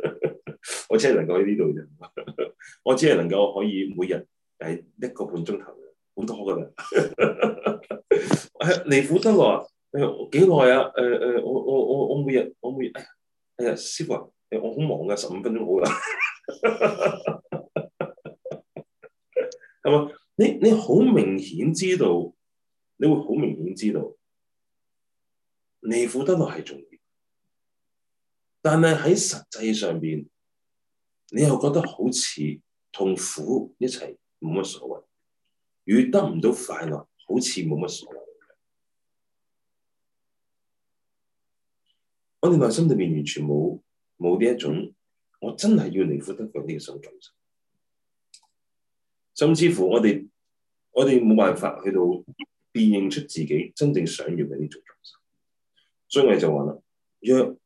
我只係能夠喺呢度啫，我只係能夠可以每日誒一個半鐘頭，好多噶啦。誒離苦多耐誒幾耐啊？誒誒，我我我我每日我每日誒呀，師傅啊，我忙啊好忙噶，十五分鐘好啦。係嘛？你你好明顯知道，你會好明顯知道。離苦得樂係重要，但係喺實際上邊，你又覺得好似痛苦一齊冇乜所謂，與得唔到快樂好似冇乜所謂。我哋內心裏面完全冇冇呢一種，我真係要離苦得樂呢一種感受，甚至乎我哋我哋冇辦法去到辨認出自己真正想要嘅呢種所以我就話啦，若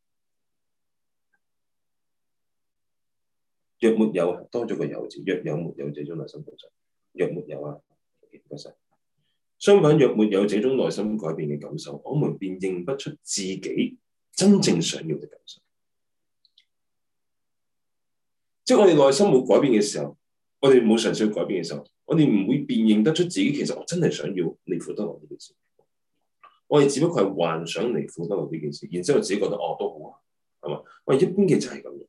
若沒有多咗個有字，若有沒有這種內心感受；若沒有啊，相反，若沒有這種內心改變嘅感受，我們便認不出自己真正想要嘅感受。即係我哋內心冇改變嘅時候，我哋冇嘗試改變嘅時候，我哋唔會辨認得出自己其實我真係想要你付得我呢件事。我哋只不過係幻想離苦得樂呢件事，然之後自己覺得哦都好啊，係嘛？我一般嘅就係咁樣。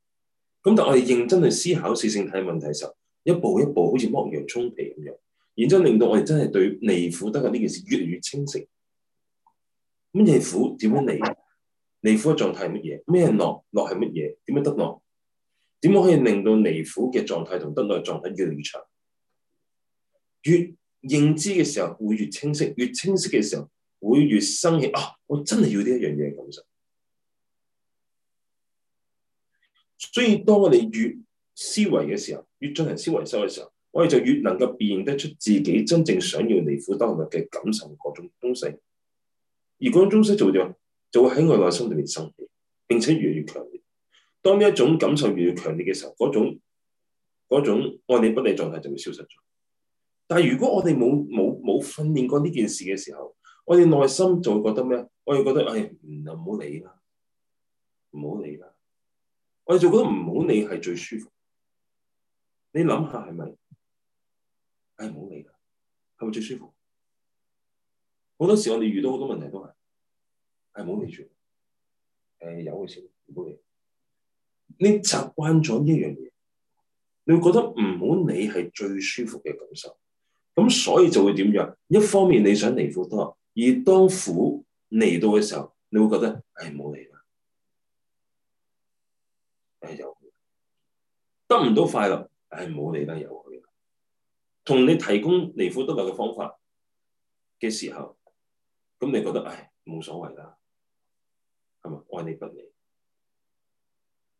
咁但我哋認真去思考四聖諦問題嘅時候，一步一步好似剝洋葱皮咁樣，然之後令到我哋真係對離苦得樂呢件事越嚟越清晰。乜嘢苦？點樣離？離苦嘅狀態係乜嘢？咩樂？樂係乜嘢？點樣得樂？點樣可以令到離苦嘅狀態同得樂嘅狀態越嚟越長？越認知嘅時候會越清晰，越清晰嘅時候，會越生起啊！我真係要呢一樣嘢感受。所以當我哋越思維嘅時候，越進行思維修嘅時候，我哋就越能夠辨認得出自己真正想要離苦得樂嘅感受各種東西。而嗰種東西做咗就會喺我內心裏面生起，並且越嚟越強烈。當呢一種感受越嚟越強烈嘅時候，嗰種嗰種愛理不理狀態就會消失咗。但係如果我哋冇冇冇訓練過呢件事嘅時候，我哋內心就會覺得咩？我哋覺得，唉、哎，唔就唔好理啦，唔好理啦。我哋就覺得唔好理係最舒服。你諗下係咪？哎，唔好理啦，係咪最舒服？好多時我哋遇到好多問題都係，哎，唔好理住，哎，有嘅時唔好理，哎理，理。你習慣咗呢樣嘢，你會覺得唔好理係最舒服嘅感受。咁所以就會點樣？一方面你想離苦得。而當苦嚟到嘅時候，你會覺得唉，唔好嚟啦，唉又去，得唔到快樂，唉，唔好嚟啦又去。同你提供離苦得樂嘅方法嘅時候，咁你覺得，唉冇、哎、所謂啦，係咪？愛你不理。」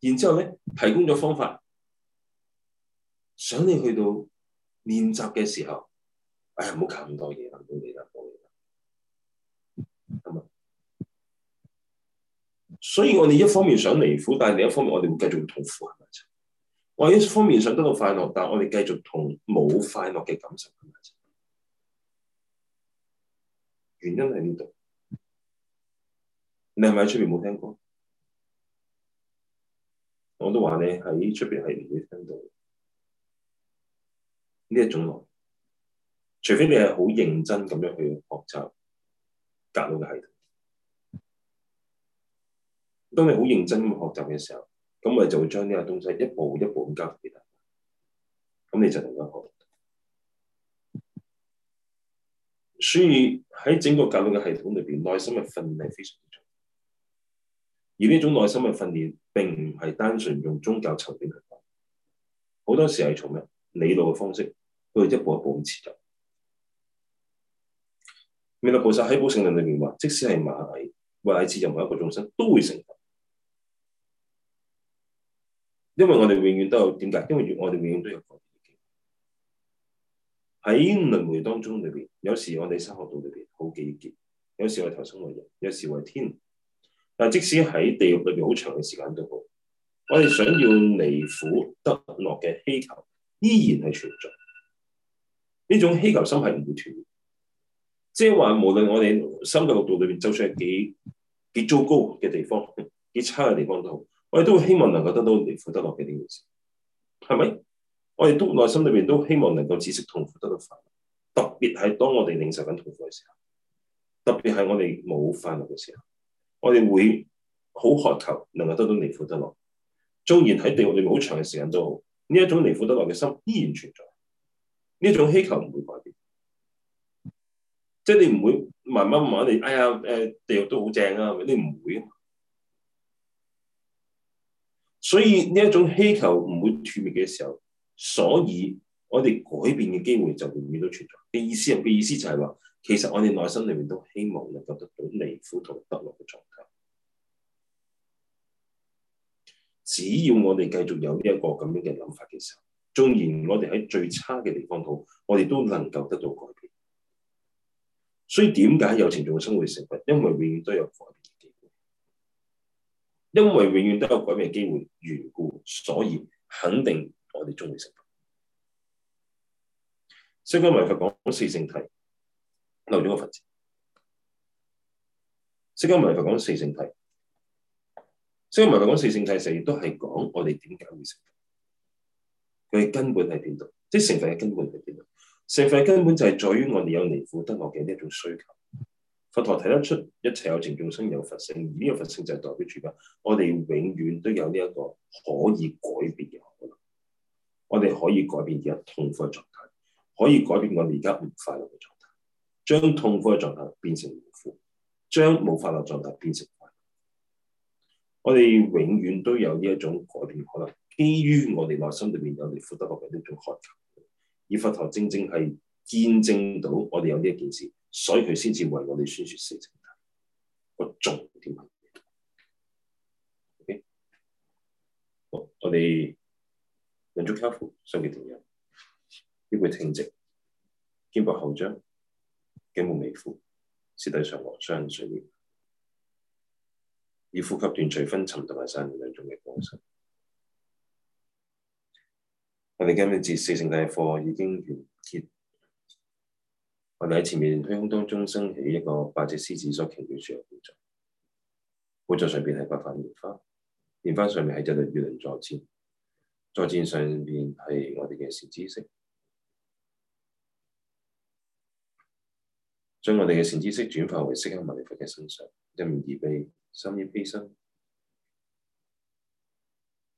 然之後咧，提供咗方法，想你去到練習嘅時候，唉，唔好搞咁多嘢啦，你係嘛？所以我哋一方面想離苦，但係另一方面我哋會繼續同苦埋一齊。我一方面想得到快樂，但係我哋繼續同冇快樂嘅感受。原因喺呢度，你係咪喺出邊冇聽過？我都話你喺出邊係唔會聽到呢一種內容，除非你係好認真咁樣去學習。教育嘅系統，當你好認真咁學習嘅時候，咁我哋就會將呢個東西一步一步咁交俾大家。咁你就同佢學。所以喺整個教育嘅系統裏邊，內心嘅訓練係非常之重要。而呢種內心嘅訓練，並唔係單純用宗教層面去講，好多時係從咩理論嘅方式都去一步一步咁切入。彌勒菩薩喺《寶性論》裏邊話，即使係螞蟻、螞蟻似任何一個眾生，都會成佛，因為我哋永遠都有點解，因為我哋永遠都有個條件喺輪迴當中裏邊。有時我哋生學道裏邊好幾劫，有時我投生為人，有時為天，但即使喺地獄裏邊好長嘅時間都好，我哋想要離苦得樂嘅希求依然係存在，呢種希求心係唔會斷。即係話，無論我哋心嘅六道裏邊走出幾幾糟糕嘅地方、幾差嘅地方都好，我哋都希望能夠得到離苦得樂嘅呢件事，係咪？我哋都內心裏邊都希望能夠止息痛苦得到快樂，特別係當我哋領受緊痛苦嘅時候，特別係我哋冇快樂嘅時候，我哋會好渴求能夠得到離苦得樂，縱然喺地獄裏面好長嘅時間都好，呢一種離苦得樂嘅心依然存在，呢種希求唔會改。即係你唔會慢慢慢你，哎呀，誒、哎，地獄都好正啊，你唔會。所以呢一種希求唔會斷滅嘅時候，所以我哋改變嘅機會就永遠都存在。嘅意思嘅意思就係、是、話，其實我哋內心裏面都希望能夠得到離苦同得樂嘅狀態。只要我哋繼續有呢、這、一個咁樣嘅諗法嘅時候，縱然我哋喺最差嘅地方度，我哋都能夠得到改變。所以點解有情重會生活成功？因為永遠都有改變機會，因為永遠都有改變機會緣故，所以肯定我哋中意成功。釋迦文尼佛講四聖諦，留咗個分子。釋迦文尼佛講四聖諦，釋迦文尼佛講四聖諦，其實都係講我哋點解會成。佢根本係邊度？即係成佛嘅根本係邊度？社會根本就係在於我哋有離苦得樂嘅呢一種需求。佛陀睇得出一切有情眾生有佛性，而呢個佛性就係代表住緊我哋永遠都有呢一個可以改變嘅可能。我哋可以改變而家痛苦嘅狀態，可以改變我哋而家唔快樂嘅狀態，將痛苦嘅狀態變成離苦，將冇快樂狀態變成快樂。我哋永遠都有呢一種改變可能，基於我哋內心裏面有離苦得樂嘅呢種渴求。以佛陀正正係見證到我哋有呢一件事，所以佢先至為我哋宣説四聖諦。個重點嚟嘅。OK，好，我哋兩足交跏，雙臂平伸，腰背挺直，肩膊後張，頸部微俯，舌抵上腭，雙脣垂結，以呼吸斷續分沉、同埋兩種嘅方式。我哋今日節四聖諦課已經完結，我哋喺前面虛空當中升起一個八隻獅子所祈禱住嘅寶座，寶座上邊係八瓣蓮花，蓮花上面係一對月輪坐箭，坐箭上邊係我哋嘅善知識，將我哋嘅善知識轉化為釋迦牟尼佛嘅身上，一念慈悲，三念悲心。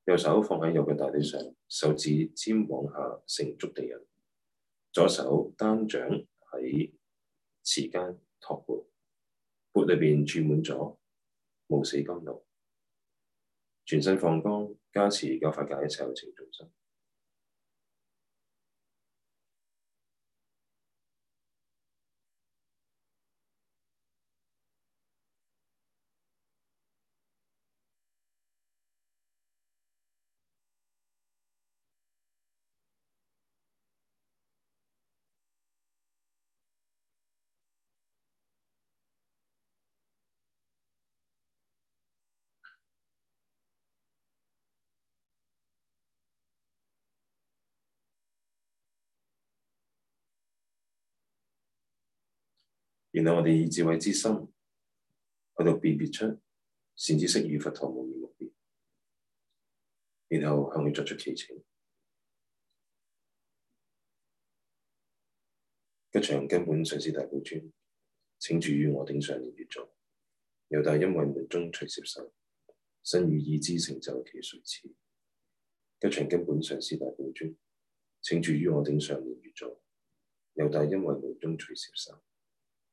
右手放喺右腳大腿上，手指尖往下觸地印；左手單掌喺臍間托缽，缽裏邊注滿咗無死甘露，全身放光，加持教法界一切有情眾生。然後我哋以智慧之心去到辨別出善知識與佛陀無緣無別，然後向佢作出祈請。吉祥根本上是大寶尊，請住於我頂上年月座。由大因運力中隨攝受，身與意之成就其瑞此。吉祥根本上是大寶尊，請住於我頂上年月座。由大因運力中隨攝受。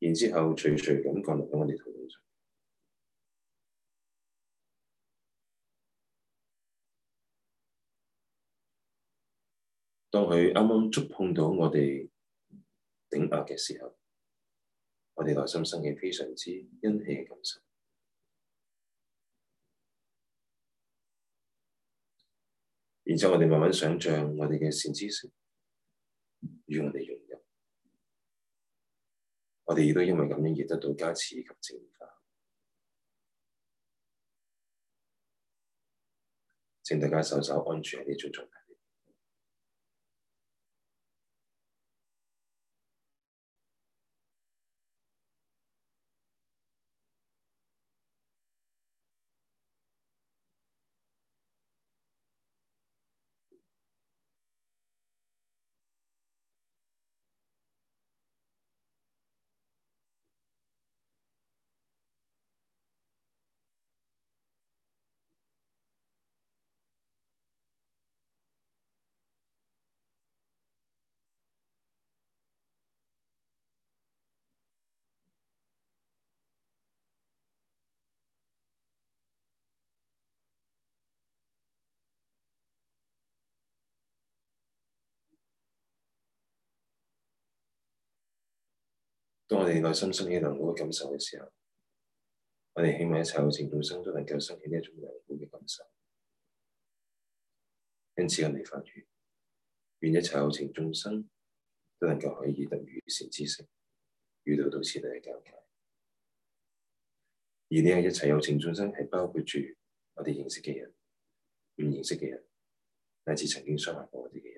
然之後，徐徐咁降落喺我哋頭頂上。當佢啱啱觸碰到我哋頂壓嘅時候，我哋內心生起非常之欣喜嘅感受。然之後我哋慢慢想像我哋嘅善知識與我哋我哋亦都因為咁樣而得到加持及增加。請大家守守安全啲做做。當我哋內心升起良好嘅感受嘅時候，我哋希望一切有情眾生都能夠升起呢一種良好嘅感受。因此，我哋發願願一切有情眾生都能夠可以得如善知識遇到到此善嘅教誡。而呢一切有情眾生係包括住我哋認識嘅人、唔認識嘅人，乃至曾經傷害過我哋嘅人。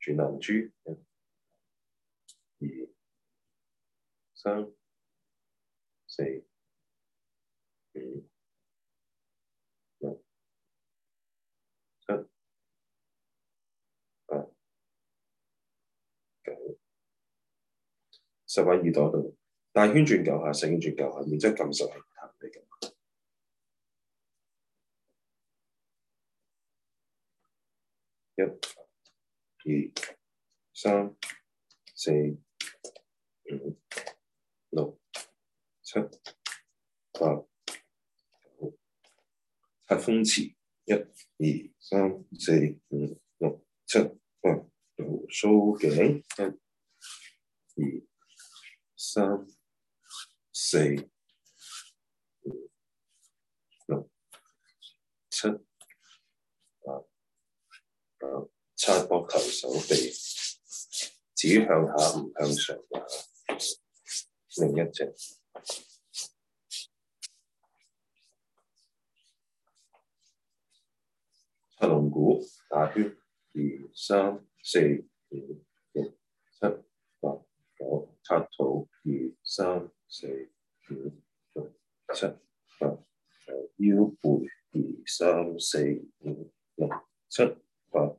轉龍珠，一、1, 2, 3, 4, 5, 6, 7, 8, 9, 二、三、四、五、六、七、八、九、十位耳朵度，大圈轉九下，小圈轉九下，然之後撳十下，彈力咁。1, 二、三、四、五、六、七、八、九。擦風池，一、二、三、四、五、六、七、八。倒梳頸，一、二、三、四、五、六、七、八、九。擦膊球手臂，只向下唔向上。另一隻，七龍骨打圈，二三四五六七八九。擦肚，二三四五六七八九。腰背，二三四五六七八。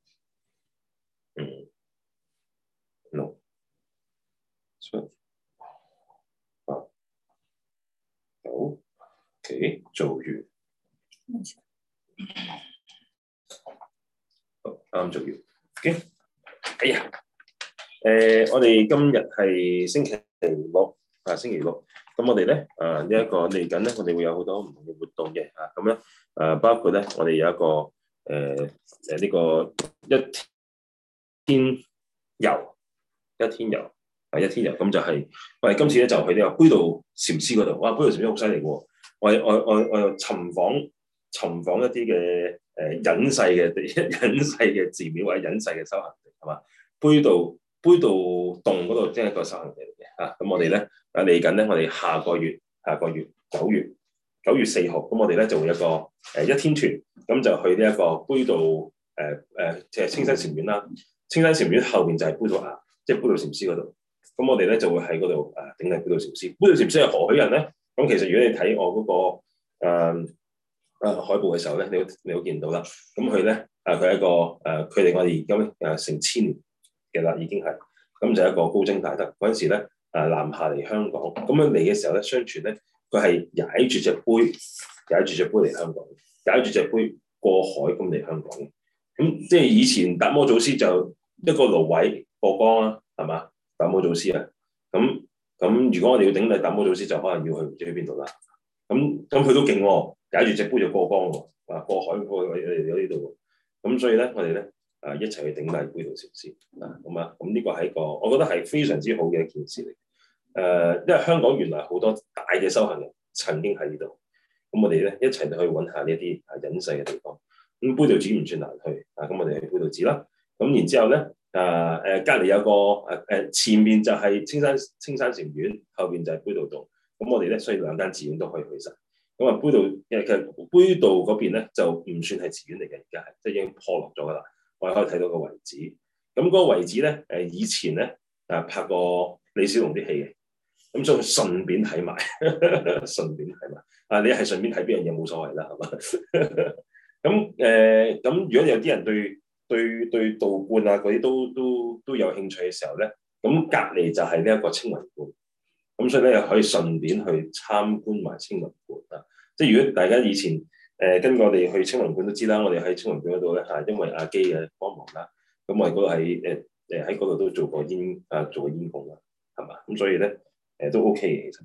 做完，啱，做完。OK，哎呀，誒、呃，我哋今日係星期六啊，星期六。咁我哋咧，啊，這個、呢一個嚟緊咧，我哋會有好多唔同嘅活動嘅。啊，咁咧，啊，包括咧，我哋有一個誒誒呢個一天遊，一天遊，啊，一天遊。咁就係、是，我哋、哎、今次咧就喺呢個杯渡禪師嗰度。哇，杯渡禪師好犀利喎。我我我我又尋訪尋訪一啲嘅誒隱世嘅地，隱世嘅寺廟或者隱世嘅修行地，係嘛？杯渡杯渡洞嗰度即係一個修行地嚟嘅吓。咁、啊、我哋咧嚟緊咧，我哋下個月下個月九月九月四號，咁我哋咧就會一個誒、呃、一天團，咁就去呢一個杯渡誒誒即係青山禪院啦。青山禪院後面就係杯渡下，即、就、係、是、杯渡禪師嗰度。咁我哋咧就會喺嗰度誒頂禮杯渡禪師。杯渡禪師係何許人咧？咁其實如果你睇我嗰、那個誒、嗯啊、海報嘅時候咧，你都你都見到啦。咁佢咧誒佢係一個誒、啊、距離我哋而家誒成千年嘅啦，已經係咁就一個高僧大德嗰陣時咧誒南下嚟香港，咁樣嚟嘅時候咧，相傳咧佢係踩住隻杯，踩住隻杯嚟香港，踩住隻杯過海咁嚟香港，咁即係以前達摩祖師就一個蘆葦過江啊，係嘛？達摩祖師啊。咁如果我哋要頂禮達摩祖師，就可能要去唔知去邊度啦。咁咁佢都勁喎，解住隻杯就過江喎，啊過海過海過海過呢度。咁所以咧，我哋咧啊一齊去頂禮杯渡禪師啊。咁啊，咁呢個係一個，我覺得係非常之好嘅一件事嚟。誒、呃，因為香港原來好多大嘅修行人曾經喺呢度，咁我哋咧一齊去揾下呢一啲隱世嘅地方。咁杯渡寺唔算難去，啊咁我哋去杯渡寺啦。咁然之後咧。啊誒，隔籬、呃呃、有個誒誒、呃，前面就係青山青山禪院，後邊就係杯渡洞。咁我哋咧，所以兩間寺院都可以去晒。咁啊，杯渡其實杯渡嗰邊咧就唔算係寺院嚟嘅，而家係即係已經破落咗噶啦。我哋可以睇到個遺址。咁嗰個遺址咧，誒、呃、以前咧，誒拍過李小龍啲戲嘅。咁所以順便睇埋，順 便睇埋。啊，你係順便睇邊樣嘢冇所謂啦，係嘛？咁 誒，咁、呃、如果有啲人對。對對，對道觀啊嗰啲都都都有興趣嘅時候咧，咁隔籬就係呢一個青雲觀，咁所以咧可以順便去參觀埋青雲觀啊！即係如果大家以前誒、呃、跟我哋去青雲觀都知啦，我哋喺青雲觀嗰度咧係因為阿基嘅幫忙啦，咁我哋嗰度喺誒誒喺嗰度都做過煙啊，做過煙工啦，係嘛？咁所以咧誒、呃、都 OK 嘅，其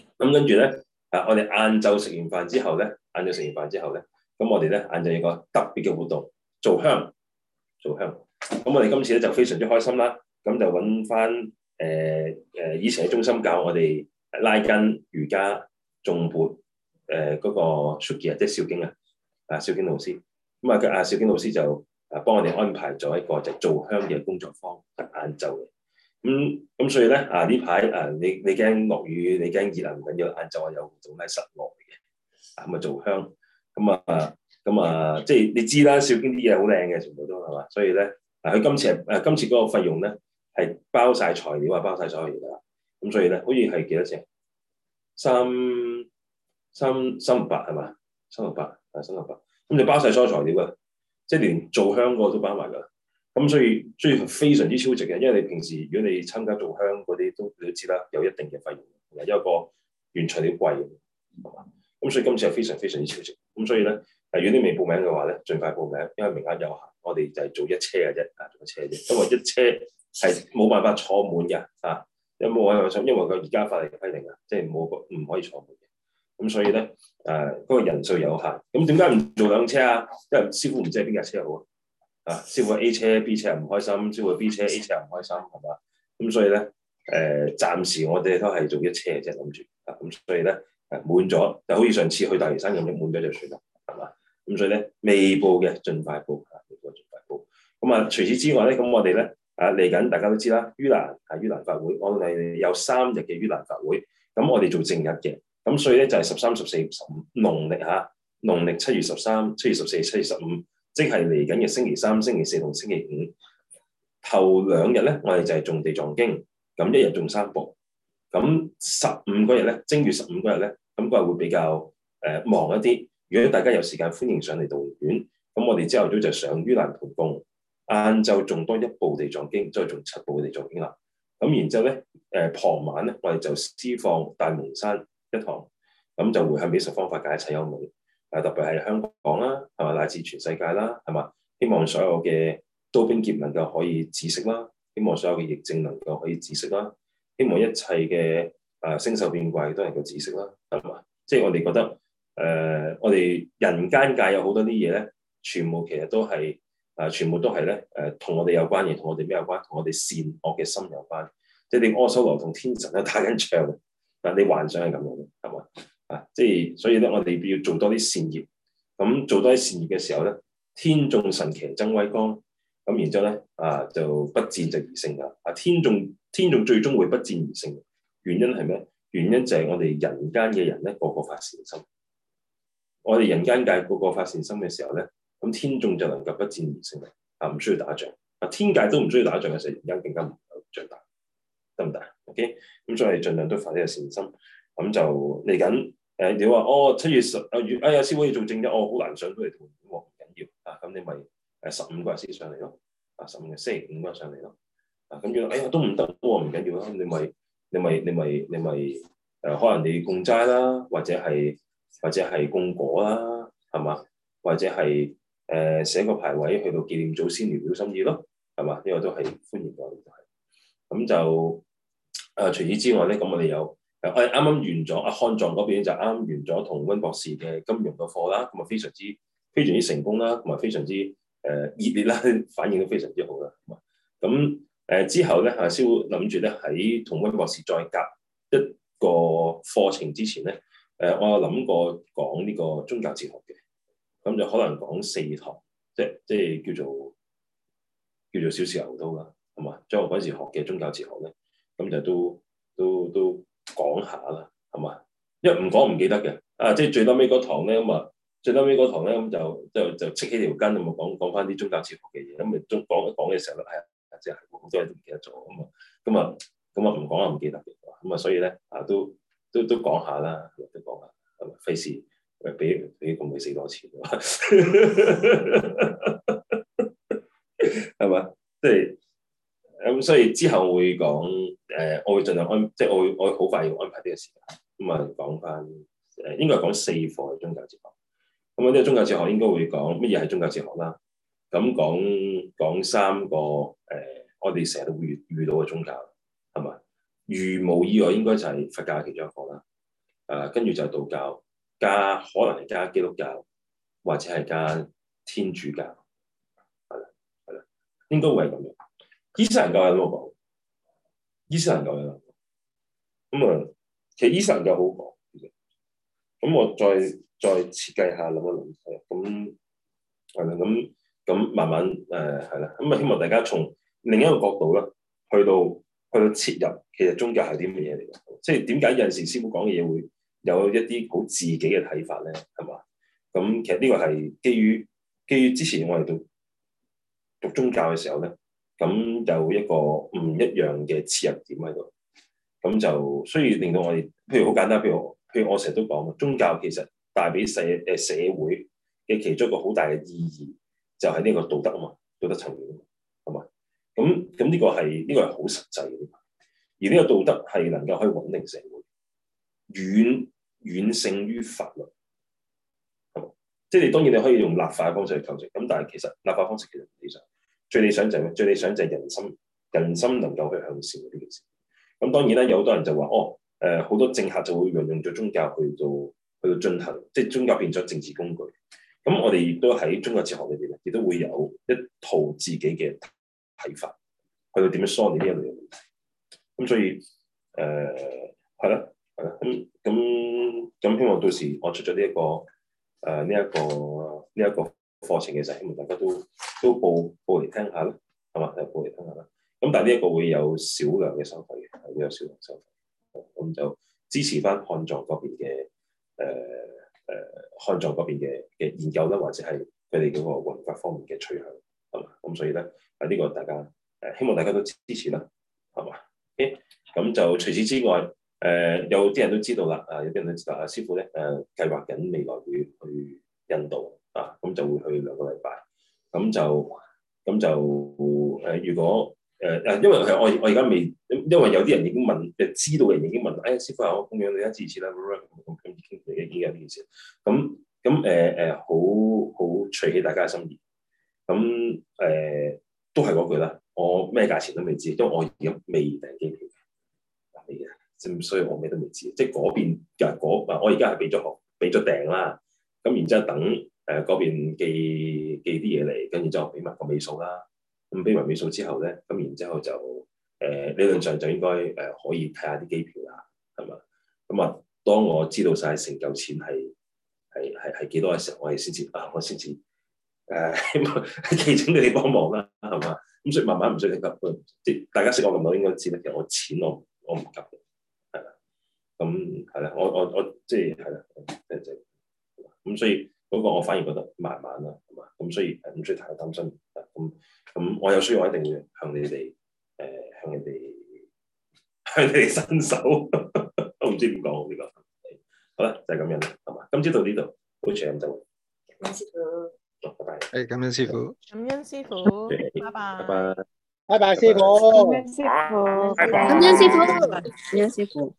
實咁跟住咧啊，我哋晏晝食完飯之後咧，晏晝食完飯之後咧，咁我哋咧晏晝有個特別嘅活動，做香。做香，咁我哋今次咧就非常之開心啦。咁就揾翻誒誒以前喺中心教我哋拉筋、瑜伽、重撥誒嗰個 Suki 啊，即係小經啊，阿小經老師。咁、嗯、啊，阿小經老師就啊幫我哋安排咗一個就做香嘅工作坊，晏晝嘅。咁、嗯、咁所以咧啊呢排啊，你你驚落雨，你驚熱能唔緊要，晏晝啊有做咩失落嘅？啊咪、嗯、做香，咁、嗯、啊。咁、嗯、啊，即係你知啦，小娟啲嘢好靚嘅，全部都係嘛，所以咧嗱，佢、啊、今次係誒、啊、今次嗰個費用咧係包晒材料啊，包晒所有嘢啦。咁所以咧，好似係幾多隻？三三三六八係嘛？三六八係三六八。咁你包晒所有材料啦、嗯嗯，即係連做香嗰個都包埋㗎啦。咁所以所以非常之超值嘅，因為你平時如果你參加做香嗰啲都你都知啦，有一定嘅費用，同埋一個原材料貴嘅。咁所以今次係非常非常之超值。咁所以咧。如果你未報名嘅話咧，盡快報名，因為名額有限，我哋就係做一車嘅啫，啊，做一車啫。因為一車係冇辦法坐滿嘅，啊，因為我係想，因為佢而家法例規定啊，即係冇唔可以坐滿嘅。咁所以咧，誒、啊，嗰個人數有限。咁點解唔做兩車啊？因為師傅唔知邊架車好啊。啊，師傅 A 車、B 車唔開心，師傅 B 車、A 車唔開心，係嘛？咁所以咧，誒、啊，暫時我哋都係做一車嘅啫，諗住啊，咁所以咧，誒，滿咗就好似上次去大嶼山咁，一滿咗就算啦。咁所以咧，未報嘅盡快報啊！未報盡快報。咁啊，除此之外咧，咁我哋咧，啊，嚟緊，大家都知啦，盂蘭啊，盂蘭法會，我哋有三日嘅盂蘭法會。咁我哋做正日嘅，咁所以咧就係十三、十四、十五，農曆嚇，農曆七月十三、七月十四、七月十五，即係嚟緊嘅星期三、星期四同星期五。頭兩日咧，我哋就係誦地藏經，咁一日誦三部。咁十五嗰日咧，正月十五嗰日咧，咁嗰日會比較誒、呃呃、忙一啲。如果大家有時間，歡迎上嚟道院。咁我哋朝頭早就上于蘭《盂蘭同共》，晏晝仲多一部《地藏經》經，再係仲七部《地藏經》啦。咁然之後咧，誒傍晚咧，我哋就施放大蒙山一堂，咁就回向畀十方法界一切有情。啊，特別係香港啦，係、啊、咪，乃至全世界啦，係嘛。希望所有嘅刀兵劫能夠可以止息啦，希望所有嘅疫症能夠可以止息啦，希望一切嘅啊星宿變怪都能夠止息啦，係嘛。即係我哋覺得。誒，uh, 我哋人間界有好多啲嘢咧，全部其實都係誒、啊，全部都係咧誒、同、呃、我哋有關聯，同我哋咩有關？同我哋善惡嘅心有關。即、就、係、是、你阿修羅同天神都打緊仗嘅，但你幻想係咁樣嘅，係咪啊？即係所以咧，我哋要做多啲善業，咁做多啲善業嘅時候咧，天眾神奇增威光，咁然之後咧啊，就不戰就而勝噶。啊，天眾天眾最終會不戰而勝嘅原因係咩？原因就係我哋人間嘅人咧，個個發善心，心。我哋人間界個個發善心嘅時候咧，咁天眾就能夠不戰而勝，啊唔需要打仗，啊天界都唔需要打仗嘅時候，原因更加唔有仗大，得唔得？OK，咁所以儘量都發呢個善心，咁就嚟緊誒你話哦，七月十啊月啊師傅要做正一哦，好難想都嚟同我唔緊要啊，咁你咪誒十五個人先上嚟咯，啊十五星期五個人上嚟咯，啊咁樣哎呀都唔得喎，唔緊要啦，你咪你咪你咪你咪誒可能你共齋啦，或者係，或者係供果啦，係嘛？或者係誒、呃、寫個牌位去到紀念祖先，聊表心意咯，係嘛？呢、這個都係歡迎我哋。就係咁就誒。除此之外咧，咁我哋有我啱啱完咗啊，漢藏嗰邊就啱啱完咗同温博士嘅金融嘅課啦，咁啊非常之非常之成功啦，同埋非常之誒熱、呃、烈啦，反應都非常之好啦。咁誒、呃、之後咧，師傅諗住咧喺同温博士再夾一個課程之前咧。誒，我有諗過講呢個宗教哲學嘅，咁就可能講四堂，即即係叫做叫做少少有都啦，係嘛？將我嗰陣時學嘅宗教哲學咧，咁就都都都講下啦，係嘛？因為唔講唔記得嘅，啊，即係最後尾嗰堂咧，咁、哎就是、啊，最後尾嗰堂咧，咁就就就戚起條筋，咁冇講講翻啲宗教哲學嘅嘢？咁咪中講講嘅時候咧，係即係好多人都唔記得咗啊咁啊咁啊唔講啊唔記得嘅，咁啊所以咧啊都。都都都講下啦，都講下，下，係咪？費事俾俾個妹死多次，係 嘛？即係咁，所以之後會講誒、呃，我會盡量安，即係我會我會好快要安排呢個時間，咁啊講翻誒，應該講四課嘅宗教哲學。咁、嗯、啊、呢、這個宗教哲學應該會講乜嘢係宗教哲學啦？咁講講三個誒、呃，我哋成日都會遇到嘅宗教，係咪？如無意外應該就係佛教其中一個啦，誒、啊，跟住就道教加，可能係加基督教或者係加天主教，係啦，係啦，應該會係咁樣。伊斯蘭教有冇講？伊斯蘭教有冇？咁啊，其實伊斯蘭教好講嘅，咁、嗯、我再再設計下，諗一諗先，咁係啦，咁咁、嗯嗯嗯嗯嗯、慢慢誒係啦，咁、嗯、啊、嗯、希望大家從另一個角度啦去到。去到切入，其實宗教係啲咩嘢嚟㗎？即係點解有陣時師傅講嘅嘢會有一啲好自己嘅睇法咧？係嘛？咁其實呢個係基於基於之前我哋讀讀宗教嘅時候咧，咁有一個唔一樣嘅切入點喺度。咁就所以令到我哋，譬如好簡單，譬如譬如我成日都講嘅，宗教其實帶俾社誒社會嘅其中一個好大嘅意義，就係呢個道德啊嘛，道德層面。咁咁呢個係呢、呢個係好實際嘅，而呢個道德係能夠可以穩定社會，遠遠勝於法律。係嘛？即係當然你可以用立法嘅方式去構成，咁但係其實立法方式其實唔理想。最理想就係、是、咩？最理想就係人心，人心能夠去向善嗰啲嘅事。咁當然啦，有好多人就話，哦，誒、呃，好多政客就會運用用咗宗教去做去到進行，即係宗教變咗政治工具。咁我哋亦都喺中國哲學裏邊咧，亦都會有一套自己嘅。睇法去到點樣梳理呢一樣嘢問題？咁所以誒係啦，係啦。咁咁咁，希望到時我出咗呢一個誒呢一個呢一個課程嘅時候，希望大家都都報報嚟聽下啦，係嘛？報嚟聽下啦。咁但係呢一個會有少量嘅收費嘅，係會有少量收費。咁就支持翻漢藏嗰邊嘅誒誒漢藏嗰邊嘅嘅研究啦，或者係佢哋嗰個文化方面嘅趨向。咁，所以咧，啊、這、呢個大家，誒、呃，希望大家都支持啦，係、okay? 嘛？咁就除此之外，誒，有啲人都知道啦，啊，有啲人都知道啊，師傅咧，誒、啊，計劃緊未來會去，去印度啊，咁、嗯、就會去兩個禮拜，咁就，咁就，誒，如果，誒，啊，因為我，我而家未，因因為有啲人已經問，誒，知道嘅人已經問，哎呀 space、okay.，師傅啊，我咁樣你一支持啦，咁咁，其實已經係件事，咁，咁誒，誒，好好隨起大家嘅心意。咁誒、呃、都係嗰句啦，我咩價錢都未知，因為我而家未訂機票，係啊，咁所以我咩都未知。即係嗰邊入嗰，我而家係俾咗號、俾咗訂啦。咁然之後等誒嗰邊寄寄啲嘢嚟，跟住之後俾埋個尾數啦。咁俾埋尾數之後咧，咁然之後就誒、呃、理論上就應該誒、呃、可以睇下啲機票啦，係嘛？咁、嗯嗯、啊，當我知道晒成嚿錢係係係係幾多嘅時候，我哋先至啊，我先至。誒，期 其中你哋幫忙啦，係嘛？咁所以慢慢唔需要急，即大家識我咁多應該知啦。其實我錢我我唔急嘅，咁係啦。我我我即係係啦，即係咁。所以嗰、嗰個我反而覺得慢慢啦，係嘛？咁所以唔需要太擔心。咁咁我有需要，我一定要向你哋誒、呃、向你哋向你哋伸手， 我唔知點講呢個。好啦，就係、係、咁樣啦，係嘛？今朝到呢度好長就。誒，感恩師傅。感恩師傅，拜拜。拜拜，師傅。感恩師傅，感恩師傅，感恩師傅。